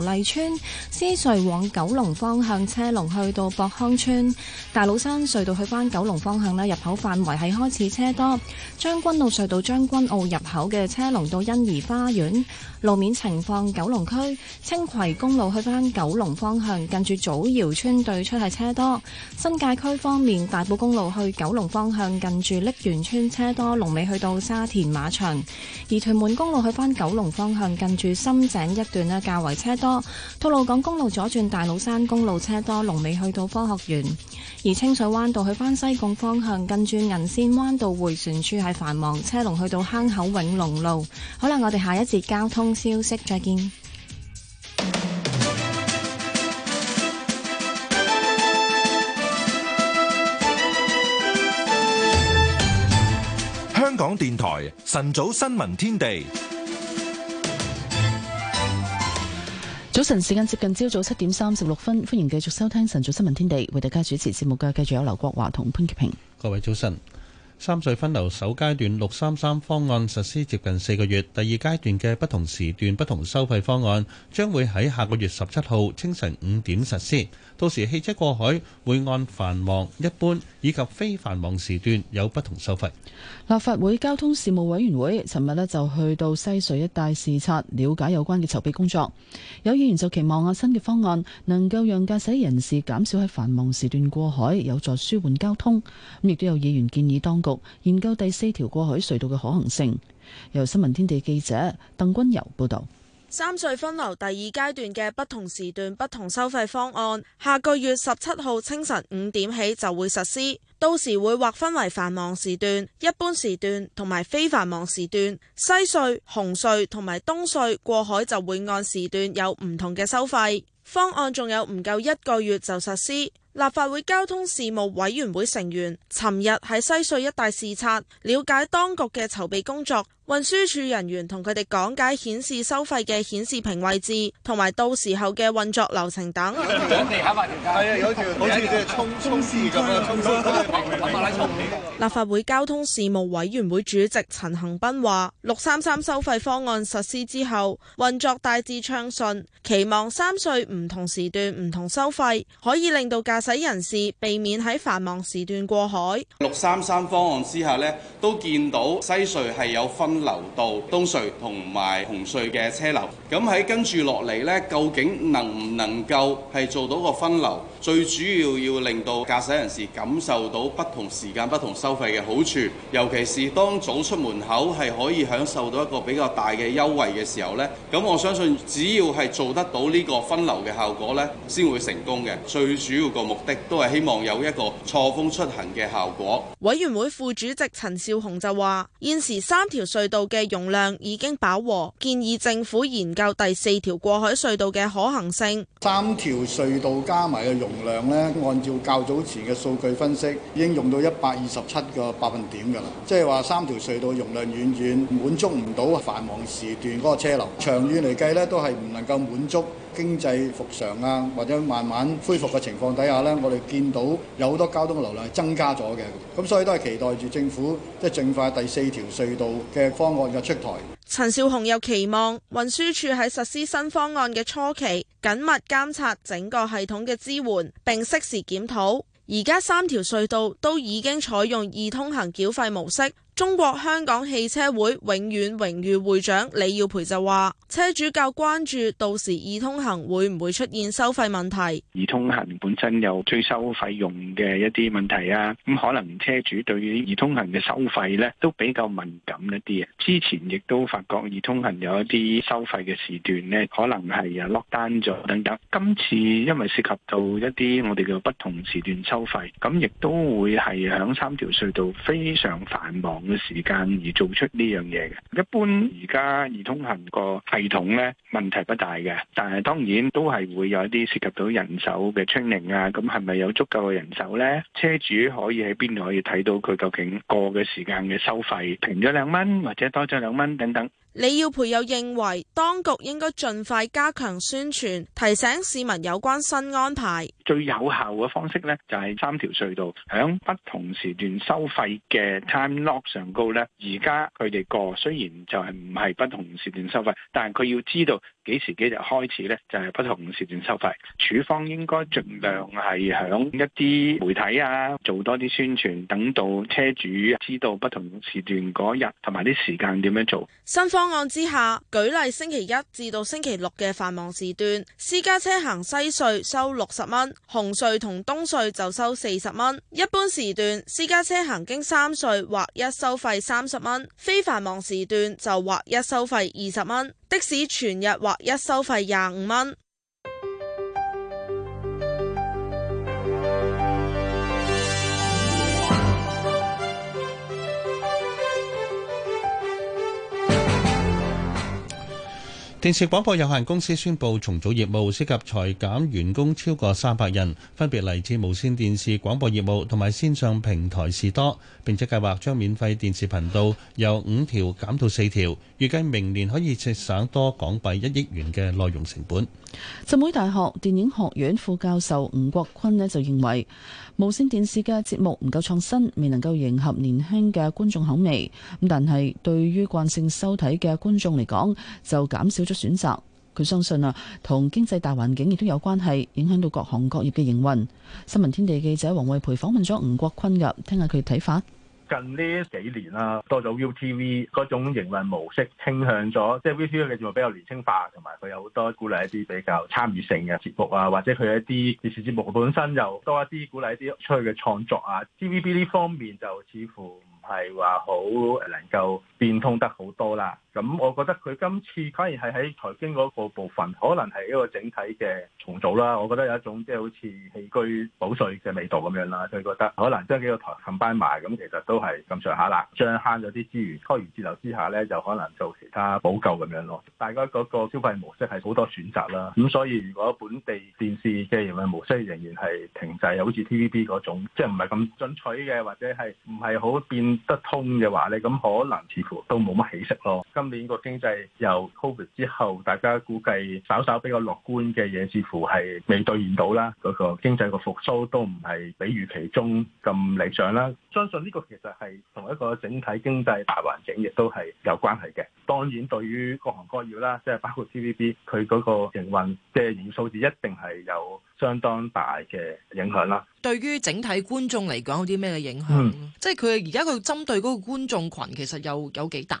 麗村、獅隧往九龍方向車龍去到博康村、大老山隧道去翻九龍方向咧，入口範圍係開始車多。將軍澳隧道將軍澳入口嘅車龍到欣怡花園。路面情況，九龍區青葵公路去翻九龍方向，近住祖堯邨對出係車多。新界區方面，大埔公路去九龍方向，近住瀝源邨車多，龍尾去到沙田馬場。而屯門公路去翻九龍方向，近住深井一段咧較為車多。吐露港公路左轉大老山公路車多，龍尾去到科學園；而清水灣道去返西貢方向，近住銀線灣道回旋處係繁忙，車龍去到坑口永隆路。好啦，我哋下一節交通消息再見。香港電台晨早新聞天地。早晨時間接近朝早七點三十六分，歡迎繼續收聽晨早新聞天地，為大家主持節目嘅繼續有劉國華同潘潔平。各位早晨，三水分流首階段六三三方案實施接近四個月，第二階段嘅不同時段不同收費方案將會喺下個月十七號清晨五點實施，到時汽車過海會按繁忙、一般以及非繁忙時段有不同收費。立法會交通事務委員會尋日咧就去到西隧一帶視察，了解有關嘅籌備工作。有議員就期望啊新嘅方案能夠讓駕駛人士減少喺繁忙時段過海，有助舒緩交通。咁亦都有議員建議當局研究第四條過海隧道嘅可行性。由新聞天地記者鄧君遊報道。三隧分流第二階段嘅不同時段不同收費方案，下個月十七號清晨五點起就會實施，到時會劃分為繁忙時段、一般時段同埋非繁忙時段。西隧、紅隧同埋東隧過海就會按時段有唔同嘅收費方案，仲有唔夠一個月就實施。立法會交通事務委員會成員尋日喺西隧一帶視察，了解當局嘅籌備工作。運輸署人員同佢哋講解顯示收費嘅顯示屏位置，同埋到時候嘅運作流程等。 (laughs) 立法會交通事務委員會主席陳恒鑌話：六三三收費方案實施之後，運作大致暢順，期望三隧唔同時段唔同收費，可以令到駕駛人士避免喺繁忙時段過海。六三三方案之下呢都見到西隧係有分。流到東隧同埋紅隧嘅車流，咁喺跟住落嚟咧，究竟能唔能夠係做到個分流？最主要要令到駕駛人士感受到不同時間不同收費嘅好處，尤其是當早出門口係可以享受到一個比較大嘅優惠嘅時候咧，咁我相信只要係做得到呢個分流嘅效果咧，先會成功嘅。最主要個目的都係希望有一個錯峰出行嘅效果。委員會副主席陳少雄就話現時三條隧道嘅容量已經飽和，建議政府研究第四條過海隧道嘅可行性。三條隧道加埋嘅容容量咧，按照較早前嘅數據分析，已經用到一百二十七個百分點㗎啦。即係話，三條隧道容量遠遠滿足唔到繁忙時段嗰個車流，長遠嚟計咧都係唔能夠滿足經濟復常啊，或者慢慢恢復嘅情況底下咧，我哋見到有好多交通流量係增加咗嘅。咁所以都係期待住政府即係盡快第四條隧道嘅方案嘅出台。陳兆雄又期望運輸署喺實施新方案嘅初期，緊密監察整個系統嘅支援，並適時檢討。而家三條隧道都已經採用易通行繳費模式。中國香港汽車會永遠榮譽會長李耀培就話，車主較關注到時易通行會唔會出現收費問題。易通行本身有追收費用嘅一啲問題啊，咁、嗯、可能車主對於易通行嘅收費呢都比較敏感一啲啊。之前亦都發覺易通行有一啲收費嘅時段呢可能係落單咗等等。今次因為涉及到一啲我哋嘅不同時段收費，咁亦都會係響三條隧道非常繁忙。時間而做出呢樣嘢嘅，一般而家而通行個系統呢，問題不大嘅，但係當然都係會有一啲涉及到人手嘅清零啊，咁係咪有足夠嘅人手呢？車主可以喺邊度可以睇到佢究竟過嘅時間嘅收費，平咗兩蚊或者多咗兩蚊等等。李耀培又認為當局應該盡快加強宣傳，提醒市民有關新安排。最有效嘅方式咧，就係、是、三條隧道響不同時段收費嘅 time lock 上高咧。而家佢哋個雖然就係唔係不同時段收費，但係佢要知道。幾時幾日開始呢？就係不同時段收費，署方應該盡量係響一啲媒體啊，做多啲宣傳，等到車主知道不同時段嗰日同埋啲時間點樣做。新方案之下，舉例星期一至到星期六嘅繁忙時段，私家車行西隧收六十蚊，紅隧同東隧就收四十蚊。一般時段，私家車行經三隧劃一收費三十蚊，非繁忙時段就劃一收費二十蚊。的士全日劃一收費廿五蚊。電視廣播有限公司宣佈重組業務，涉及裁減員工超過三百人，分別嚟自無線電視廣播業務同埋線上平台士多，並且計劃將免費電視頻道由五條減到四條，預計明年可以節省多港幣一億元嘅內容成本。浸會大學電影學院副教授吳國坤呢就認為，無綫電視嘅節目唔夠創新，未能夠迎合年輕嘅觀眾口味。咁但係對於慣性收睇嘅觀眾嚟講，就減少。選擇佢相信啊，同經濟大環境亦都有關係，影響到各行各業嘅營運。新聞天地記者王慧培訪問咗吳國坤噶，聽下佢睇法。近呢幾年啦，多咗 ViuTV 嗰種營運模式傾，傾向咗即係 ViuTV 嘅節目比較年輕化，同埋佢有好多鼓勵一啲比較參與性嘅節目啊，或者佢一啲電視節目本身又多一啲鼓勵一啲出去嘅創作啊。T V B 呢方面就似乎。係話好能夠變通得好多啦，咁我覺得佢今次反而係喺財經嗰個部分，可能係一個整體嘅重組啦。我覺得有一種即係好似戲居補稅嘅味道咁樣啦，佢覺得可能將幾個台冚唪唥埋，咁其實都係咁上下啦，將慳咗啲資源，開源節流之下呢，就可能做其他補救咁樣咯。大家嗰個消費模式係好多選擇啦，咁所以如果本地電視嘅營運模式仍然係停滯，又好似 TVB 嗰種，即係唔係咁進取嘅，或者係唔係好變得通嘅話咧，咁可能似乎都冇乜起色咯。今年個經濟由 COVID 之後，大家估計稍稍，稍稍比較樂觀嘅嘢，似乎係未兌現到啦。嗰個經濟個復甦都唔係比預期中咁理想啦。相信呢個其實係同一個整體經濟大環境亦都係有關係嘅。當然對於各行各業啦，即係包括 TVB，佢嗰個營運嘅營業數字一定係有。相當大嘅影響啦。對於整體觀眾嚟講，有啲咩嘅影響？嗯、即係佢而家佢針對嗰個觀眾群，其實有有幾大？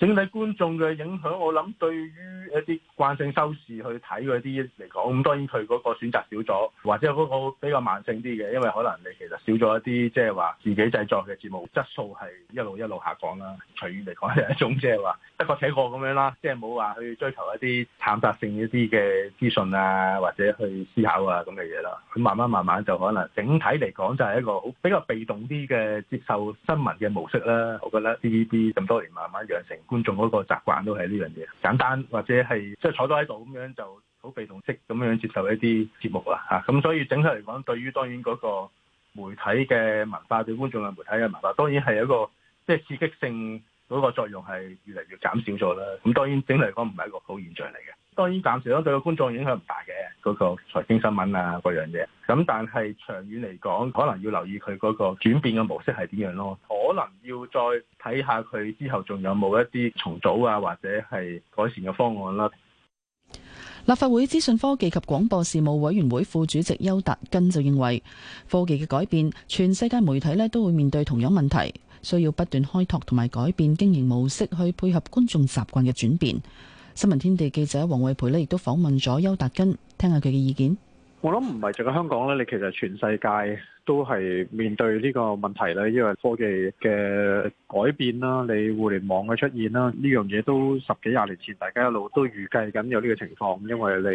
整體觀眾嘅影響，我諗對於一啲慣性收視去睇嗰啲嚟講，咁當然佢嗰個選擇少咗，或者嗰個比較慢性啲嘅，因為可能你其實少咗一啲即係話自己製作嘅節目質素係一路一路下降啦。隨意嚟講係一種即係話得個且過咁樣啦，即係冇話去追求一啲探索性一啲嘅資訊啊，或者去思考啊咁嘅嘢啦。佢慢慢慢慢就可能整體嚟講就係一個好比較被動啲嘅接受新聞嘅模式啦、啊。我覺得呢啲咁多年慢慢養成。觀眾嗰個習慣都係呢樣嘢簡單，或者係即係坐咗喺度咁樣就好被動式咁樣接受一啲節目啦吓。咁、啊、所以整體嚟講，對於當然嗰個媒體嘅文化對觀眾嘅媒體嘅文化，當然係一個即係刺激性嗰個作用係越嚟越減少咗啦。咁當然整體嚟講唔係一個好現象嚟嘅。當然暫時咧對個觀眾影響唔大嘅嗰、嗰個財經新聞啊嗰樣嘢，咁但係長遠嚟講，可能要留意佢嗰個轉變嘅模式係點樣咯。可能要再睇下佢之後仲有冇一啲重組啊，或者係改善嘅方案啦。立法會資訊科技及廣播事務委員會副主席邱達根就認為科技嘅改變，全世界媒體咧都會面對同樣問題，需要不斷開拓同埋改變經營模式，去配合觀眾習慣嘅轉變。新聞天地記者黃慧培咧亦都訪問咗邱達根，聽下佢嘅意見。我諗唔係淨係香港咧，你其實係全世界。都係面對呢個問題咧，因為科技嘅改變啦，你互聯網嘅出現啦，呢樣嘢都十幾廿年前，大家一路都預計緊有呢個情況，因為你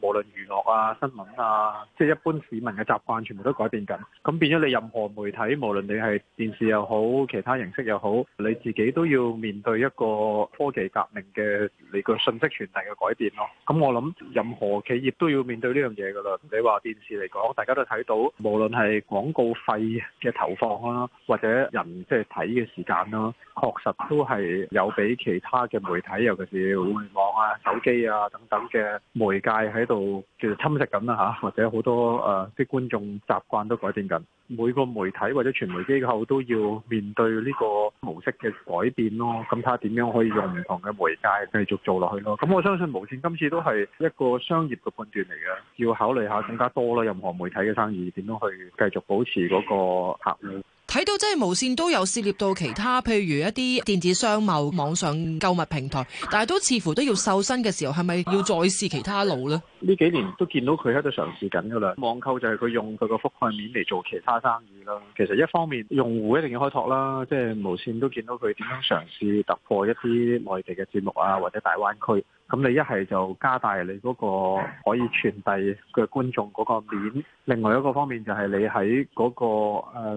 無論娛樂啊、新聞啊，即係一般市民嘅習慣全部都改變緊，咁變咗你任何媒體，無論你係電視又好，其他形式又好，你自己都要面對一個科技革命嘅你個信息傳遞嘅改變咯。咁我諗任何企業都要面對呢樣嘢噶啦。你話電視嚟講大家都睇到，無論係。廣告費嘅投放啦、啊，或者人即係睇嘅時間啦、啊，確實都係有俾其他嘅媒體，尤其是互聯網啊、手機啊等等嘅媒介喺度其實侵蝕緊啦嚇，或者好多誒啲、呃、觀眾習慣都改變緊，每個媒體或者傳媒機構都要面對呢個模式嘅改變咯、啊。咁睇下點樣可以用唔同嘅媒介繼續做落去咯、啊。咁、嗯、我相信無線今次都係一個商業嘅判斷嚟嘅，要考慮下更加多啦。任何媒體嘅生意點樣去繼續？就保持嗰個客觀。睇到真係無線都有涉獵到其他，譬如一啲電子商貿、網上購物平台，但係都似乎都要瘦身嘅時候，係咪要再試其他路咧？呢幾年都見到佢喺度嘗試緊噶啦，網購就係佢用佢個覆蓋面嚟做其他生意啦。其實一方面，用戶一定要開拓啦，即係無線都見到佢點樣嘗試突破一啲內地嘅節目啊，或者大灣區。咁你一係就加大你嗰個可以傳遞嘅觀眾嗰個面。另外一個方面就係你喺嗰個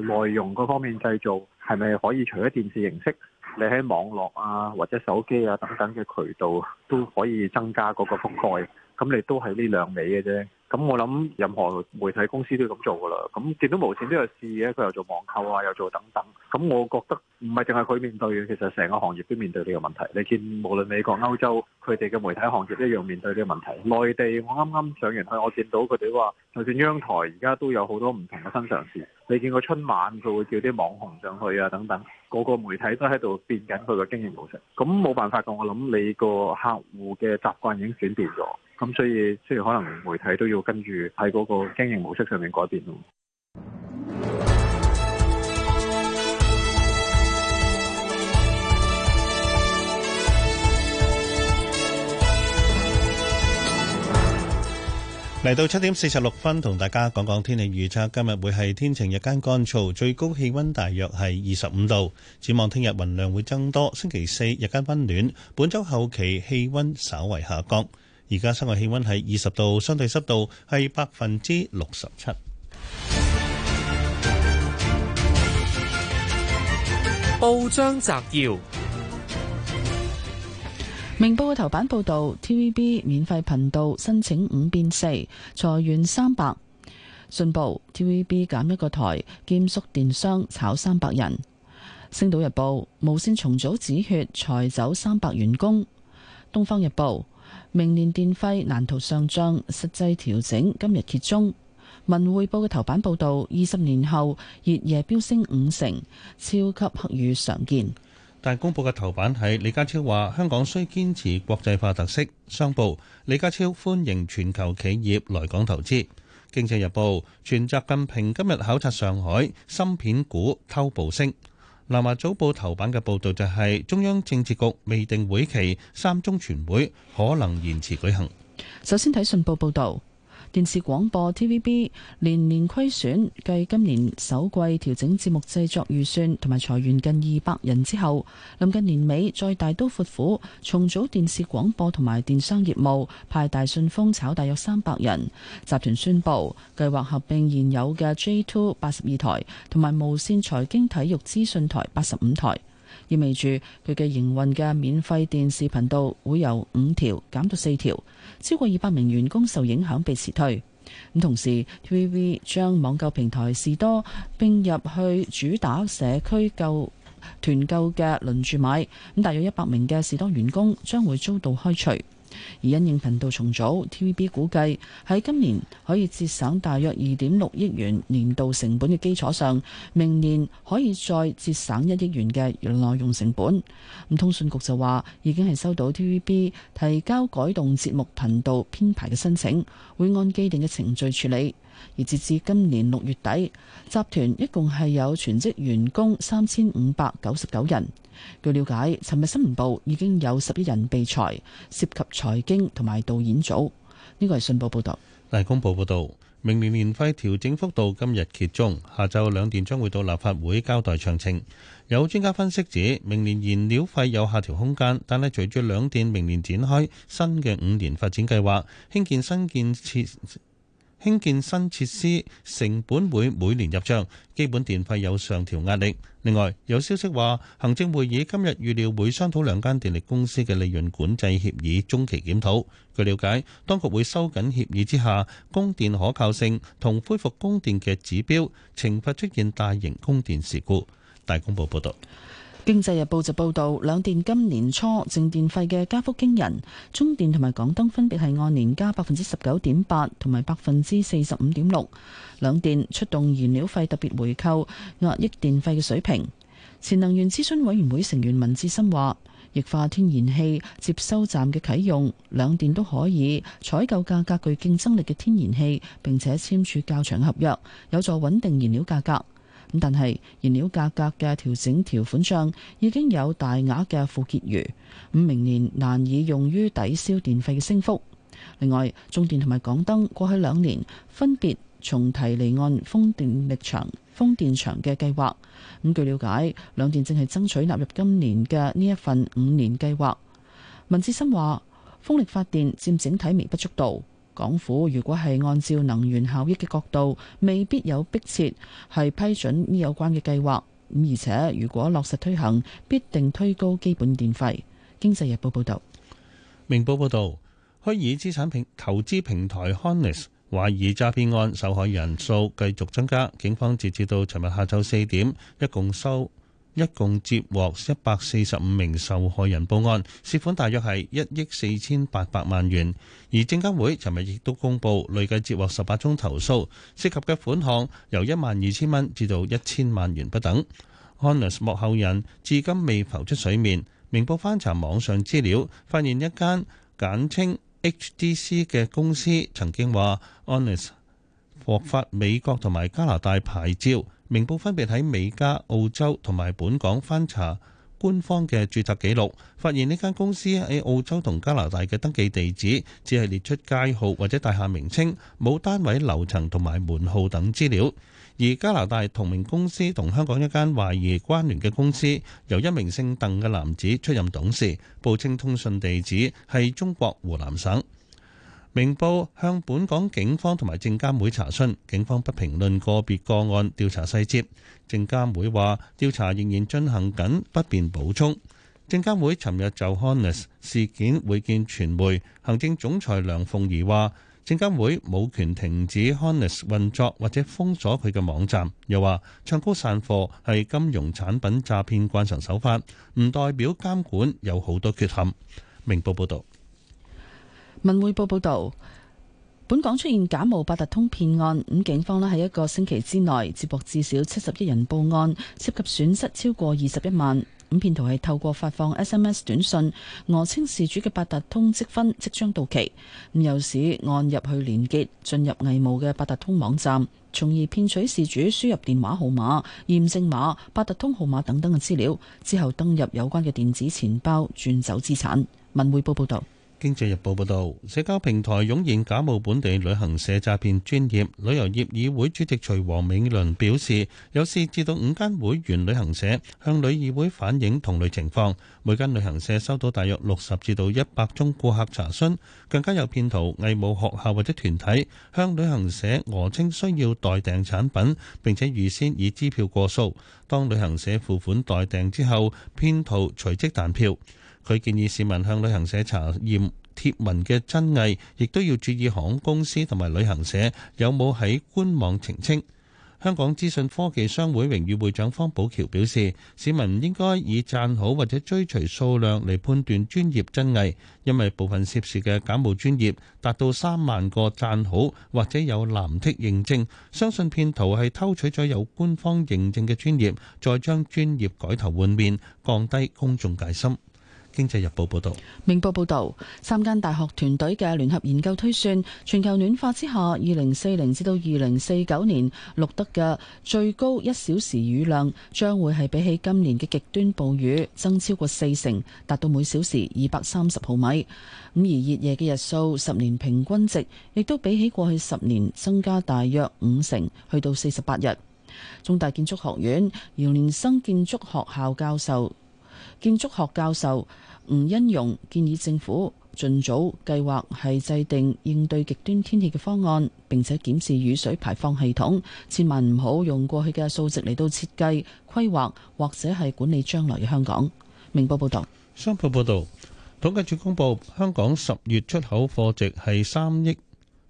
誒內容嗰方面製造，係咪可以除咗電視形式，你喺網絡啊或者手機啊等等嘅渠道都可以增加嗰個覆蓋？咁你都係呢兩味嘅啫，咁我諗任何媒體公司都咁做㗎喇。咁見到無線都有試嘅，佢又做網購啊，又做等等。咁我覺得唔係淨係佢面對嘅，其實成個行業都面對呢個問題。你見無論美國、歐洲，佢哋嘅媒體行業都一樣面對呢個問題。內地我啱啱上完去，我見到佢哋話。就算央台而家都有好多唔同嘅新嘗試，你見過個春晚佢會叫啲網紅上去啊等等，個個媒體都喺度變緊佢嘅經營模式，咁冇辦法噶。我諗你個客戶嘅習慣已經轉變咗，咁所以雖然可能媒體都要跟住喺嗰個經營模式上面改變咯。嚟到七點四十六分，同大家講講天氣預測。今日會係天晴，日間乾燥，最高氣溫大約係二十五度。展望聽日雲量會增多，星期四日間溫暖。本周後期氣溫稍為下降。而家室外氣溫係二十度，相對濕度係百分之六十七。報章摘要。明報嘅頭版報道，TVB 免費頻道申請五變四，裁員三百。信報，TVB 減一個台，兼縮電商炒三百人。星島日報，無線重組止血，裁走三百員工。東方日報，明年電費難逃上漲，實際調整今日揭盅。文匯報嘅頭版報道，二十年後熱夜飆升五成，超級黑雨常見。但大公報嘅頭版係李家超話香港需堅持國際化特色。商報，李家超歡迎全球企業來港投資。經濟日報，傳習近平今日考察上海，芯片股偷步升。南華早報頭版嘅報道就係、是、中央政治局未定會期，三中全會可能延遲舉行。首先睇信報報道。電視廣播 T.V.B. 年年虧損，繼今年首季調整節目製作預算同埋裁員近二百人之後，臨近年尾再大刀闊斧重組電視廣播同埋電商業務，派大信封炒大約三百人。集團宣佈計劃合併現有嘅 J2 八十二台同埋無綫財經體育資訊台八十五台，意味住佢嘅營運嘅免費電視頻道會由五條減到四條。超過二百名員工受影響被辭退，咁同時 TVB 將網購平台士多並入去主打社區購團購嘅輪住買，咁大約一百名嘅士多員工將會遭到開除。而因應頻道重組，TVB 估計喺今年可以節省大約二點六億元年度成本嘅基礎上，明年可以再節省一億元嘅內容成本。咁通訊局就話，已經係收到 TVB 提交改動節目頻道編排嘅申請，會按既定嘅程序處理。而截至今年六月底，集團一共係有全職員工三千五百九十九人。據了解，尋日新聞部已經有十一人被裁，涉及財經同埋導演組。呢個係信報報導，大公報報導，明年年費調整幅度今日揭盅，下晝兩電將會到立法會交代詳情。有專家分析指，明年燃料費有下調空間，但係隨住兩電明年展開新嘅五年發展計劃，興建新建設。興建新設施成本會每年入賬，基本電費有上調壓力。另外有消息話，行政會議今日預料會商討兩間電力公司嘅利潤管制協議中期檢討。據了解，當局會收緊協議之下，供電可靠性同恢復供電嘅指標，懲罰出現大型供電事故。大公報報道。《經濟日報》就報道，兩電今年初淨電費嘅加幅驚人，中電同埋港燈分別係按年加百分之十九點八同埋百分之四十五點六，兩電出動燃料費特別回購，壓抑電費嘅水平。前能源諮詢委員會成員文志深話：液化天然氣接收站嘅啟用，兩電都可以採購價格具競爭力嘅天然氣，並且簽署較長合約，有助穩定燃料價格。咁但係燃料價格嘅調整條款上已經有大額嘅負結餘，咁明年難以用於抵消電費嘅升幅。另外，中電同埋港燈過去兩年分別重提離岸風電力場、風電場嘅計劃。咁據了解，兩電正係爭取納入今年嘅呢一份五年計劃。文志深話：風力發電佔整體微不足道。港府如果係按照能源效益嘅角度，未必有迫切去批准呢有關嘅計劃。咁而且如果落實推行，必定推高基本電費。經濟日報報道，明報報道，虛擬資產平投資平台 Hounax 懷疑詐騙案受害人數繼續增加，警方截至到尋日下晝四點，一共收，一共接獲一百四十五名受害人報案，涉款大約係一億四千八百萬元。而證監會尋日亦都公布累計接獲十八宗投訴，涉及嘅款項由一萬二千蚊至到一千萬元不等。HOUNAX 幕後人至今未浮出水面。明報翻查網上資料，發現一間簡稱 HDC 嘅公司曾經話 HOUNAX 獲發美國同埋加拿大牌照。明報分別喺美加、澳洲同埋本港翻查官方嘅註冊記錄，發現呢間公司喺澳洲同加拿大嘅登記地址只係列出街號或者大廈名稱，冇單位、樓層同埋門號等資料。而加拿大同名公司同香港一間懷疑關聯嘅公司，由一名姓鄧嘅男子出任董事，報稱通訊地址係中國湖南省。明報向本港警方同埋證監會查詢，警方不評論個別個案調查細節。證監會話調查仍然進行緊，不便補充。證監會尋日就 Honest 事件會見傳媒，行政總裁梁鳳儀話證監會冇權停止 Honest 運作或者封鎖佢嘅網站。又話唱高散貨係金融產品詐騙慣常手法，唔代表監管有好多缺陷。明報報導。文匯報報道，本港出現假冒八達通騙案，咁警方咧喺一個星期之內接獲至少七十一人報案，涉及損失超過二十一萬。咁騙徒係透過發放 SMS 短信，訛稱事主嘅八達通積分即將到期，咁誘使按入去連結進入偽冒嘅八達通網站，從而騙取事主輸入電話號碼、驗證碼、八達通號碼等等嘅資料，之後登入有關嘅電子錢包轉走資產。文匯報報道。《經濟日報》報導，社交平台湧現假冒本地旅行社詐騙，專業旅遊業議會主席徐王美倫表示，有四至到五間會員旅行社向旅議會反映同類情況，每間旅行社收到大約六十至到一百宗顧客查詢，更加有騙徒偽冒學校或者團體向旅行社訛稱需要代訂產品，並且預先以支票過數，當旅行社付款代訂之後，騙徒隨即彈票。佢建議市民向旅行社查驗貼文嘅真偽，亦都要注意航空公司同埋旅行社有冇喺官網澄清。香港資訊科技商會榮譽會長方保僑表示，市民唔應該以讚好或者追隨數量嚟判斷專頁真偽，因為部分涉事嘅假冒專頁達到三萬個讚好或者有藍剔認證，相信騙徒係偷取咗有官方認證嘅專頁，再將專頁改頭換面，降低公眾戒心。《經濟日報》報導，《明報》報導，三間大學團隊嘅聯合研究推算，全球暖化之下，二零四零至到二零四九年錄得嘅最高一小時雨量，將會係比起今年嘅極端暴雨增超過四成，達到每小時二百三十毫米。咁而熱夜嘅日數，十年平均值亦都比起過去十年增加大約五成，去到四十八日。中大建築學院姚連生建築學校教授、建築學教授。吳因容建議政府盡早計劃係制定應對極端天氣嘅方案，並且檢視雨水排放系統，千萬唔好用過去嘅數值嚟到設計、規劃或者係管理將來嘅香港。明報報道，商報報道，統計處公布香港十月出口貨值係三億。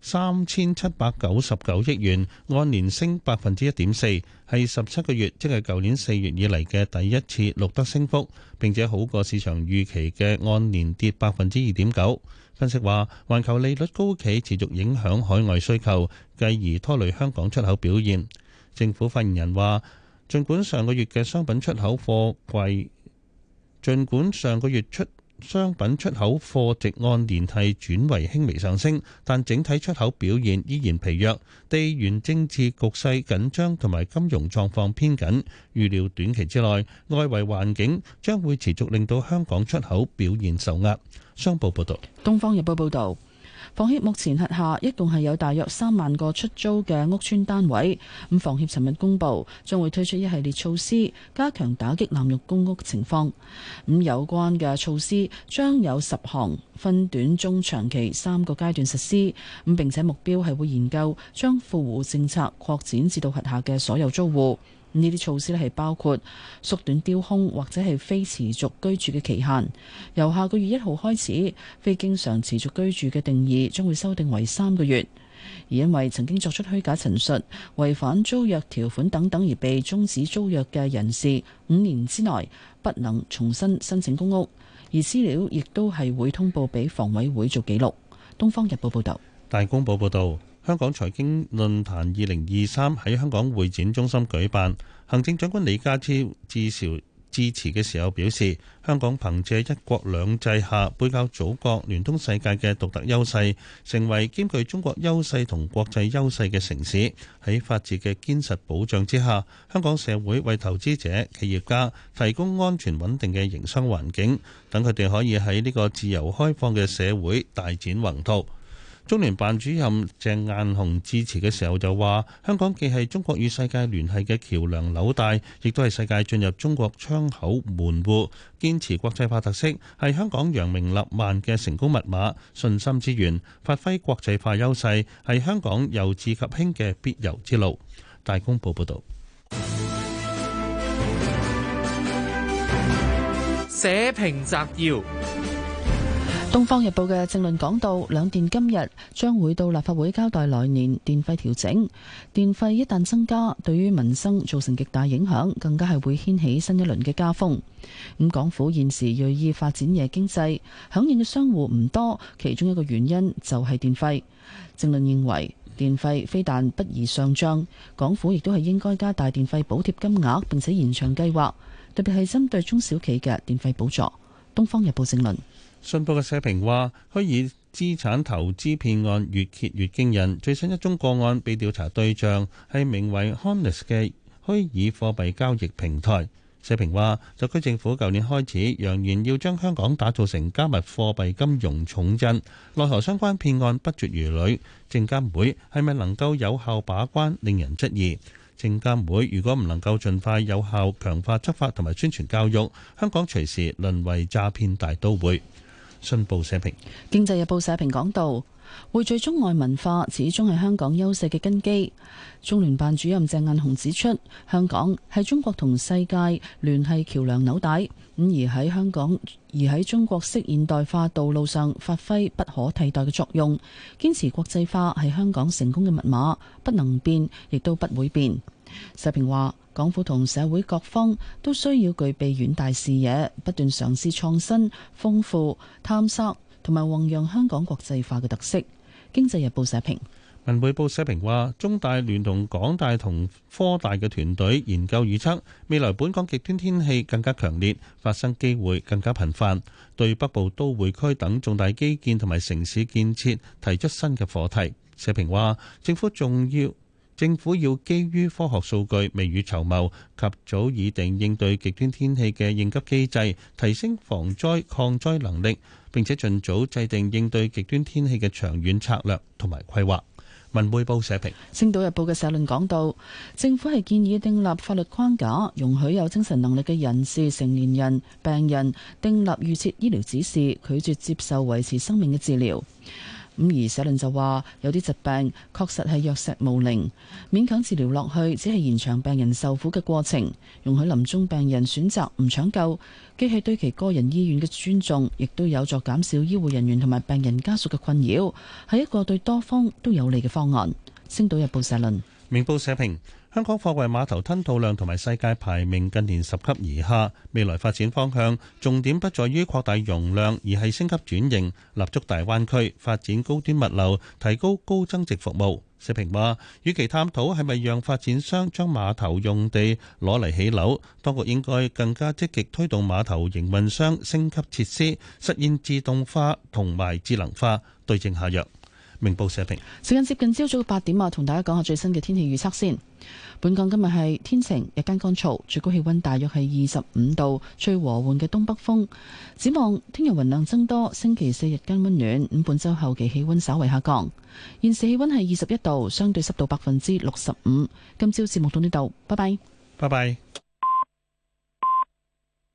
三千七百九十九億元，按年升百分之一點四，係十七個月，即係舊年四月以嚟嘅第一次錄得升幅，並且好過市場預期嘅按年跌百分之二點九。分析話，環球利率高企持續影響海外需求，繼而拖累香港出口表現。政府發言人話，儘管上個月嘅商品出口貨櫃，儘管上個月出商品出口貨值按年係轉為輕微上升，但整體出口表現依然疲弱。地緣政治局勢緊張同埋金融狀況偏緊，預料短期之內，外圍環境將會持續令到香港出口表現受壓。商報報道，東方日報報道。房協目前轄下一共係有大約三萬個出租嘅屋邨單位，咁房協尋日公布將會推出一系列措施，加強打擊濫用公屋情況。咁有關嘅措施將有十項，分短、中、長期三個階段實施。咁並且目標係會研究將富戶政策擴展至到轄下嘅所有租戶。呢啲措施咧係包括縮短丟空或者係非持續居住嘅期限，由下個月一號開始，非經常持續居住嘅定義將會修訂為三個月。而因為曾經作出虛假陳述、違反租約條款等等而被終止租約嘅人士，五年之內不能重新申請公屋，而資料亦都係會通報俾房委會做記錄。《東方日報》報道。《大公報》報道。香港財經論壇二零二三喺香港會展中心舉辦，行政長官李家超致潮致辭嘅時候表示，香港憑借一國兩制下背靠祖國、聯通世界嘅獨特優勢，成為兼具中國優勢同國際優勢嘅城市。喺法治嘅堅實保障之下，香港社會為投資者、企業家提供安全穩定嘅營商環境，等佢哋可以喺呢個自由開放嘅社會大展宏圖。中聯辦主任鄭雁雄致辭嘅時候就話：香港既係中國與世界聯繫嘅橋樑紐帶，亦都係世界進入中國窗口、門戶。堅持國際化特色係香港揚名立萬嘅成功密碼；信心之源，發揮國際化優勢係香港由治及興嘅必由之路。大公報報道。社評摘要。《東方日報》嘅政論講到，兩電今日將會到立法會交代來年電費調整。電費一旦增加，對於民生造成極大影響，更加係會掀起新一輪嘅加風。咁港府現時銳意發展夜經濟，響應嘅商戶唔多，其中一個原因就係電費。政論認為，電費非但不宜上漲，港府亦都係應該加大電費補貼金額，並且延長計劃，特別係針對中小企嘅電費補助。《東方日報》政論。信報嘅社評話：虛擬資產投資騙案越揭越驚人，最新一宗個案被調查對象係名為 Onyx 嘅虛擬貨幣交易平台。社評話：特區政府舊年開始揚言要將香港打造成加密貨幣金融重鎮，奈何相關騙案不絕如縷。證監會係咪能夠有效把關，令人質疑。證監會如果唔能夠盡快有效強化執法同埋宣傳教育，香港隨時淪為詐騙大都會。信報社評。經濟日報社評講道，匯聚中外文化始終係香港優勢嘅根基。中聯辦主任鄭雁雄指出，香港係中國同世界聯繫橋梁紐帶，咁而喺香港而喺中國式現代化道路上發揮不可替代嘅作用。堅持國際化係香港成功嘅密碼，不能變，亦都不會變。社評話，港府同社會各方都需要具備遠大視野，不斷嘗試創新、豐富、探索同埋弘揚香港國際化嘅特色。經濟日報社評，文匯報社評話，中大聯同港大同科大嘅團隊研究預測，未來本港極端天氣更加強烈，發生機會更加頻繁，對北部都會區等重大基建同埋城市建設提出新嘅課題。社評話，政府仲要。政府要基於科學數據，未雨綢繆，及早擬定應對極端天氣嘅應急機制，提升防災抗災能力，並且盡早制定應對極端天氣嘅長遠策略同埋規劃。《文匯報》社評，《星島日報》嘅社論講到，政府係建議訂立法律框架，容許有精神能力嘅人士、成年人、病人訂立預設醫療指示，拒絕接受維持生命嘅治療。咁而社論就話，有啲疾病確實係藥石無靈，勉強治療落去只係延長病人受苦嘅過程。容許臨終病人選擇唔搶救，既係對其個人意願嘅尊重，亦都有助減少醫護人員同埋病人家屬嘅困擾，係一個對多方都有利嘅方案。星島日報社論，明報社評。香港貨櫃碼頭吞吐量同埋世界排名近年十級以下，未來發展方向重點不在於擴大容量，而係升級轉型，立足大灣區發展高端物流，提高高增值服務。社評話：與其探討係咪讓發展商將碼頭用地攞嚟起樓，當局應該更加積極推動碼頭營運商升級設施，實現自動化同埋智能化，對症下藥。明報社評。時間接近朝早八點啊，同大家講下最新嘅天氣預測先。本港今日係天晴，日間乾燥，最高氣溫大約係二十五度，最和緩嘅東北風。展望聽日雲量增多，星期四日間溫暖。咁本周後期氣溫稍為下降。現時氣溫係二十一度，相對濕度百分之六十五。今朝節目到呢度，拜拜。拜拜。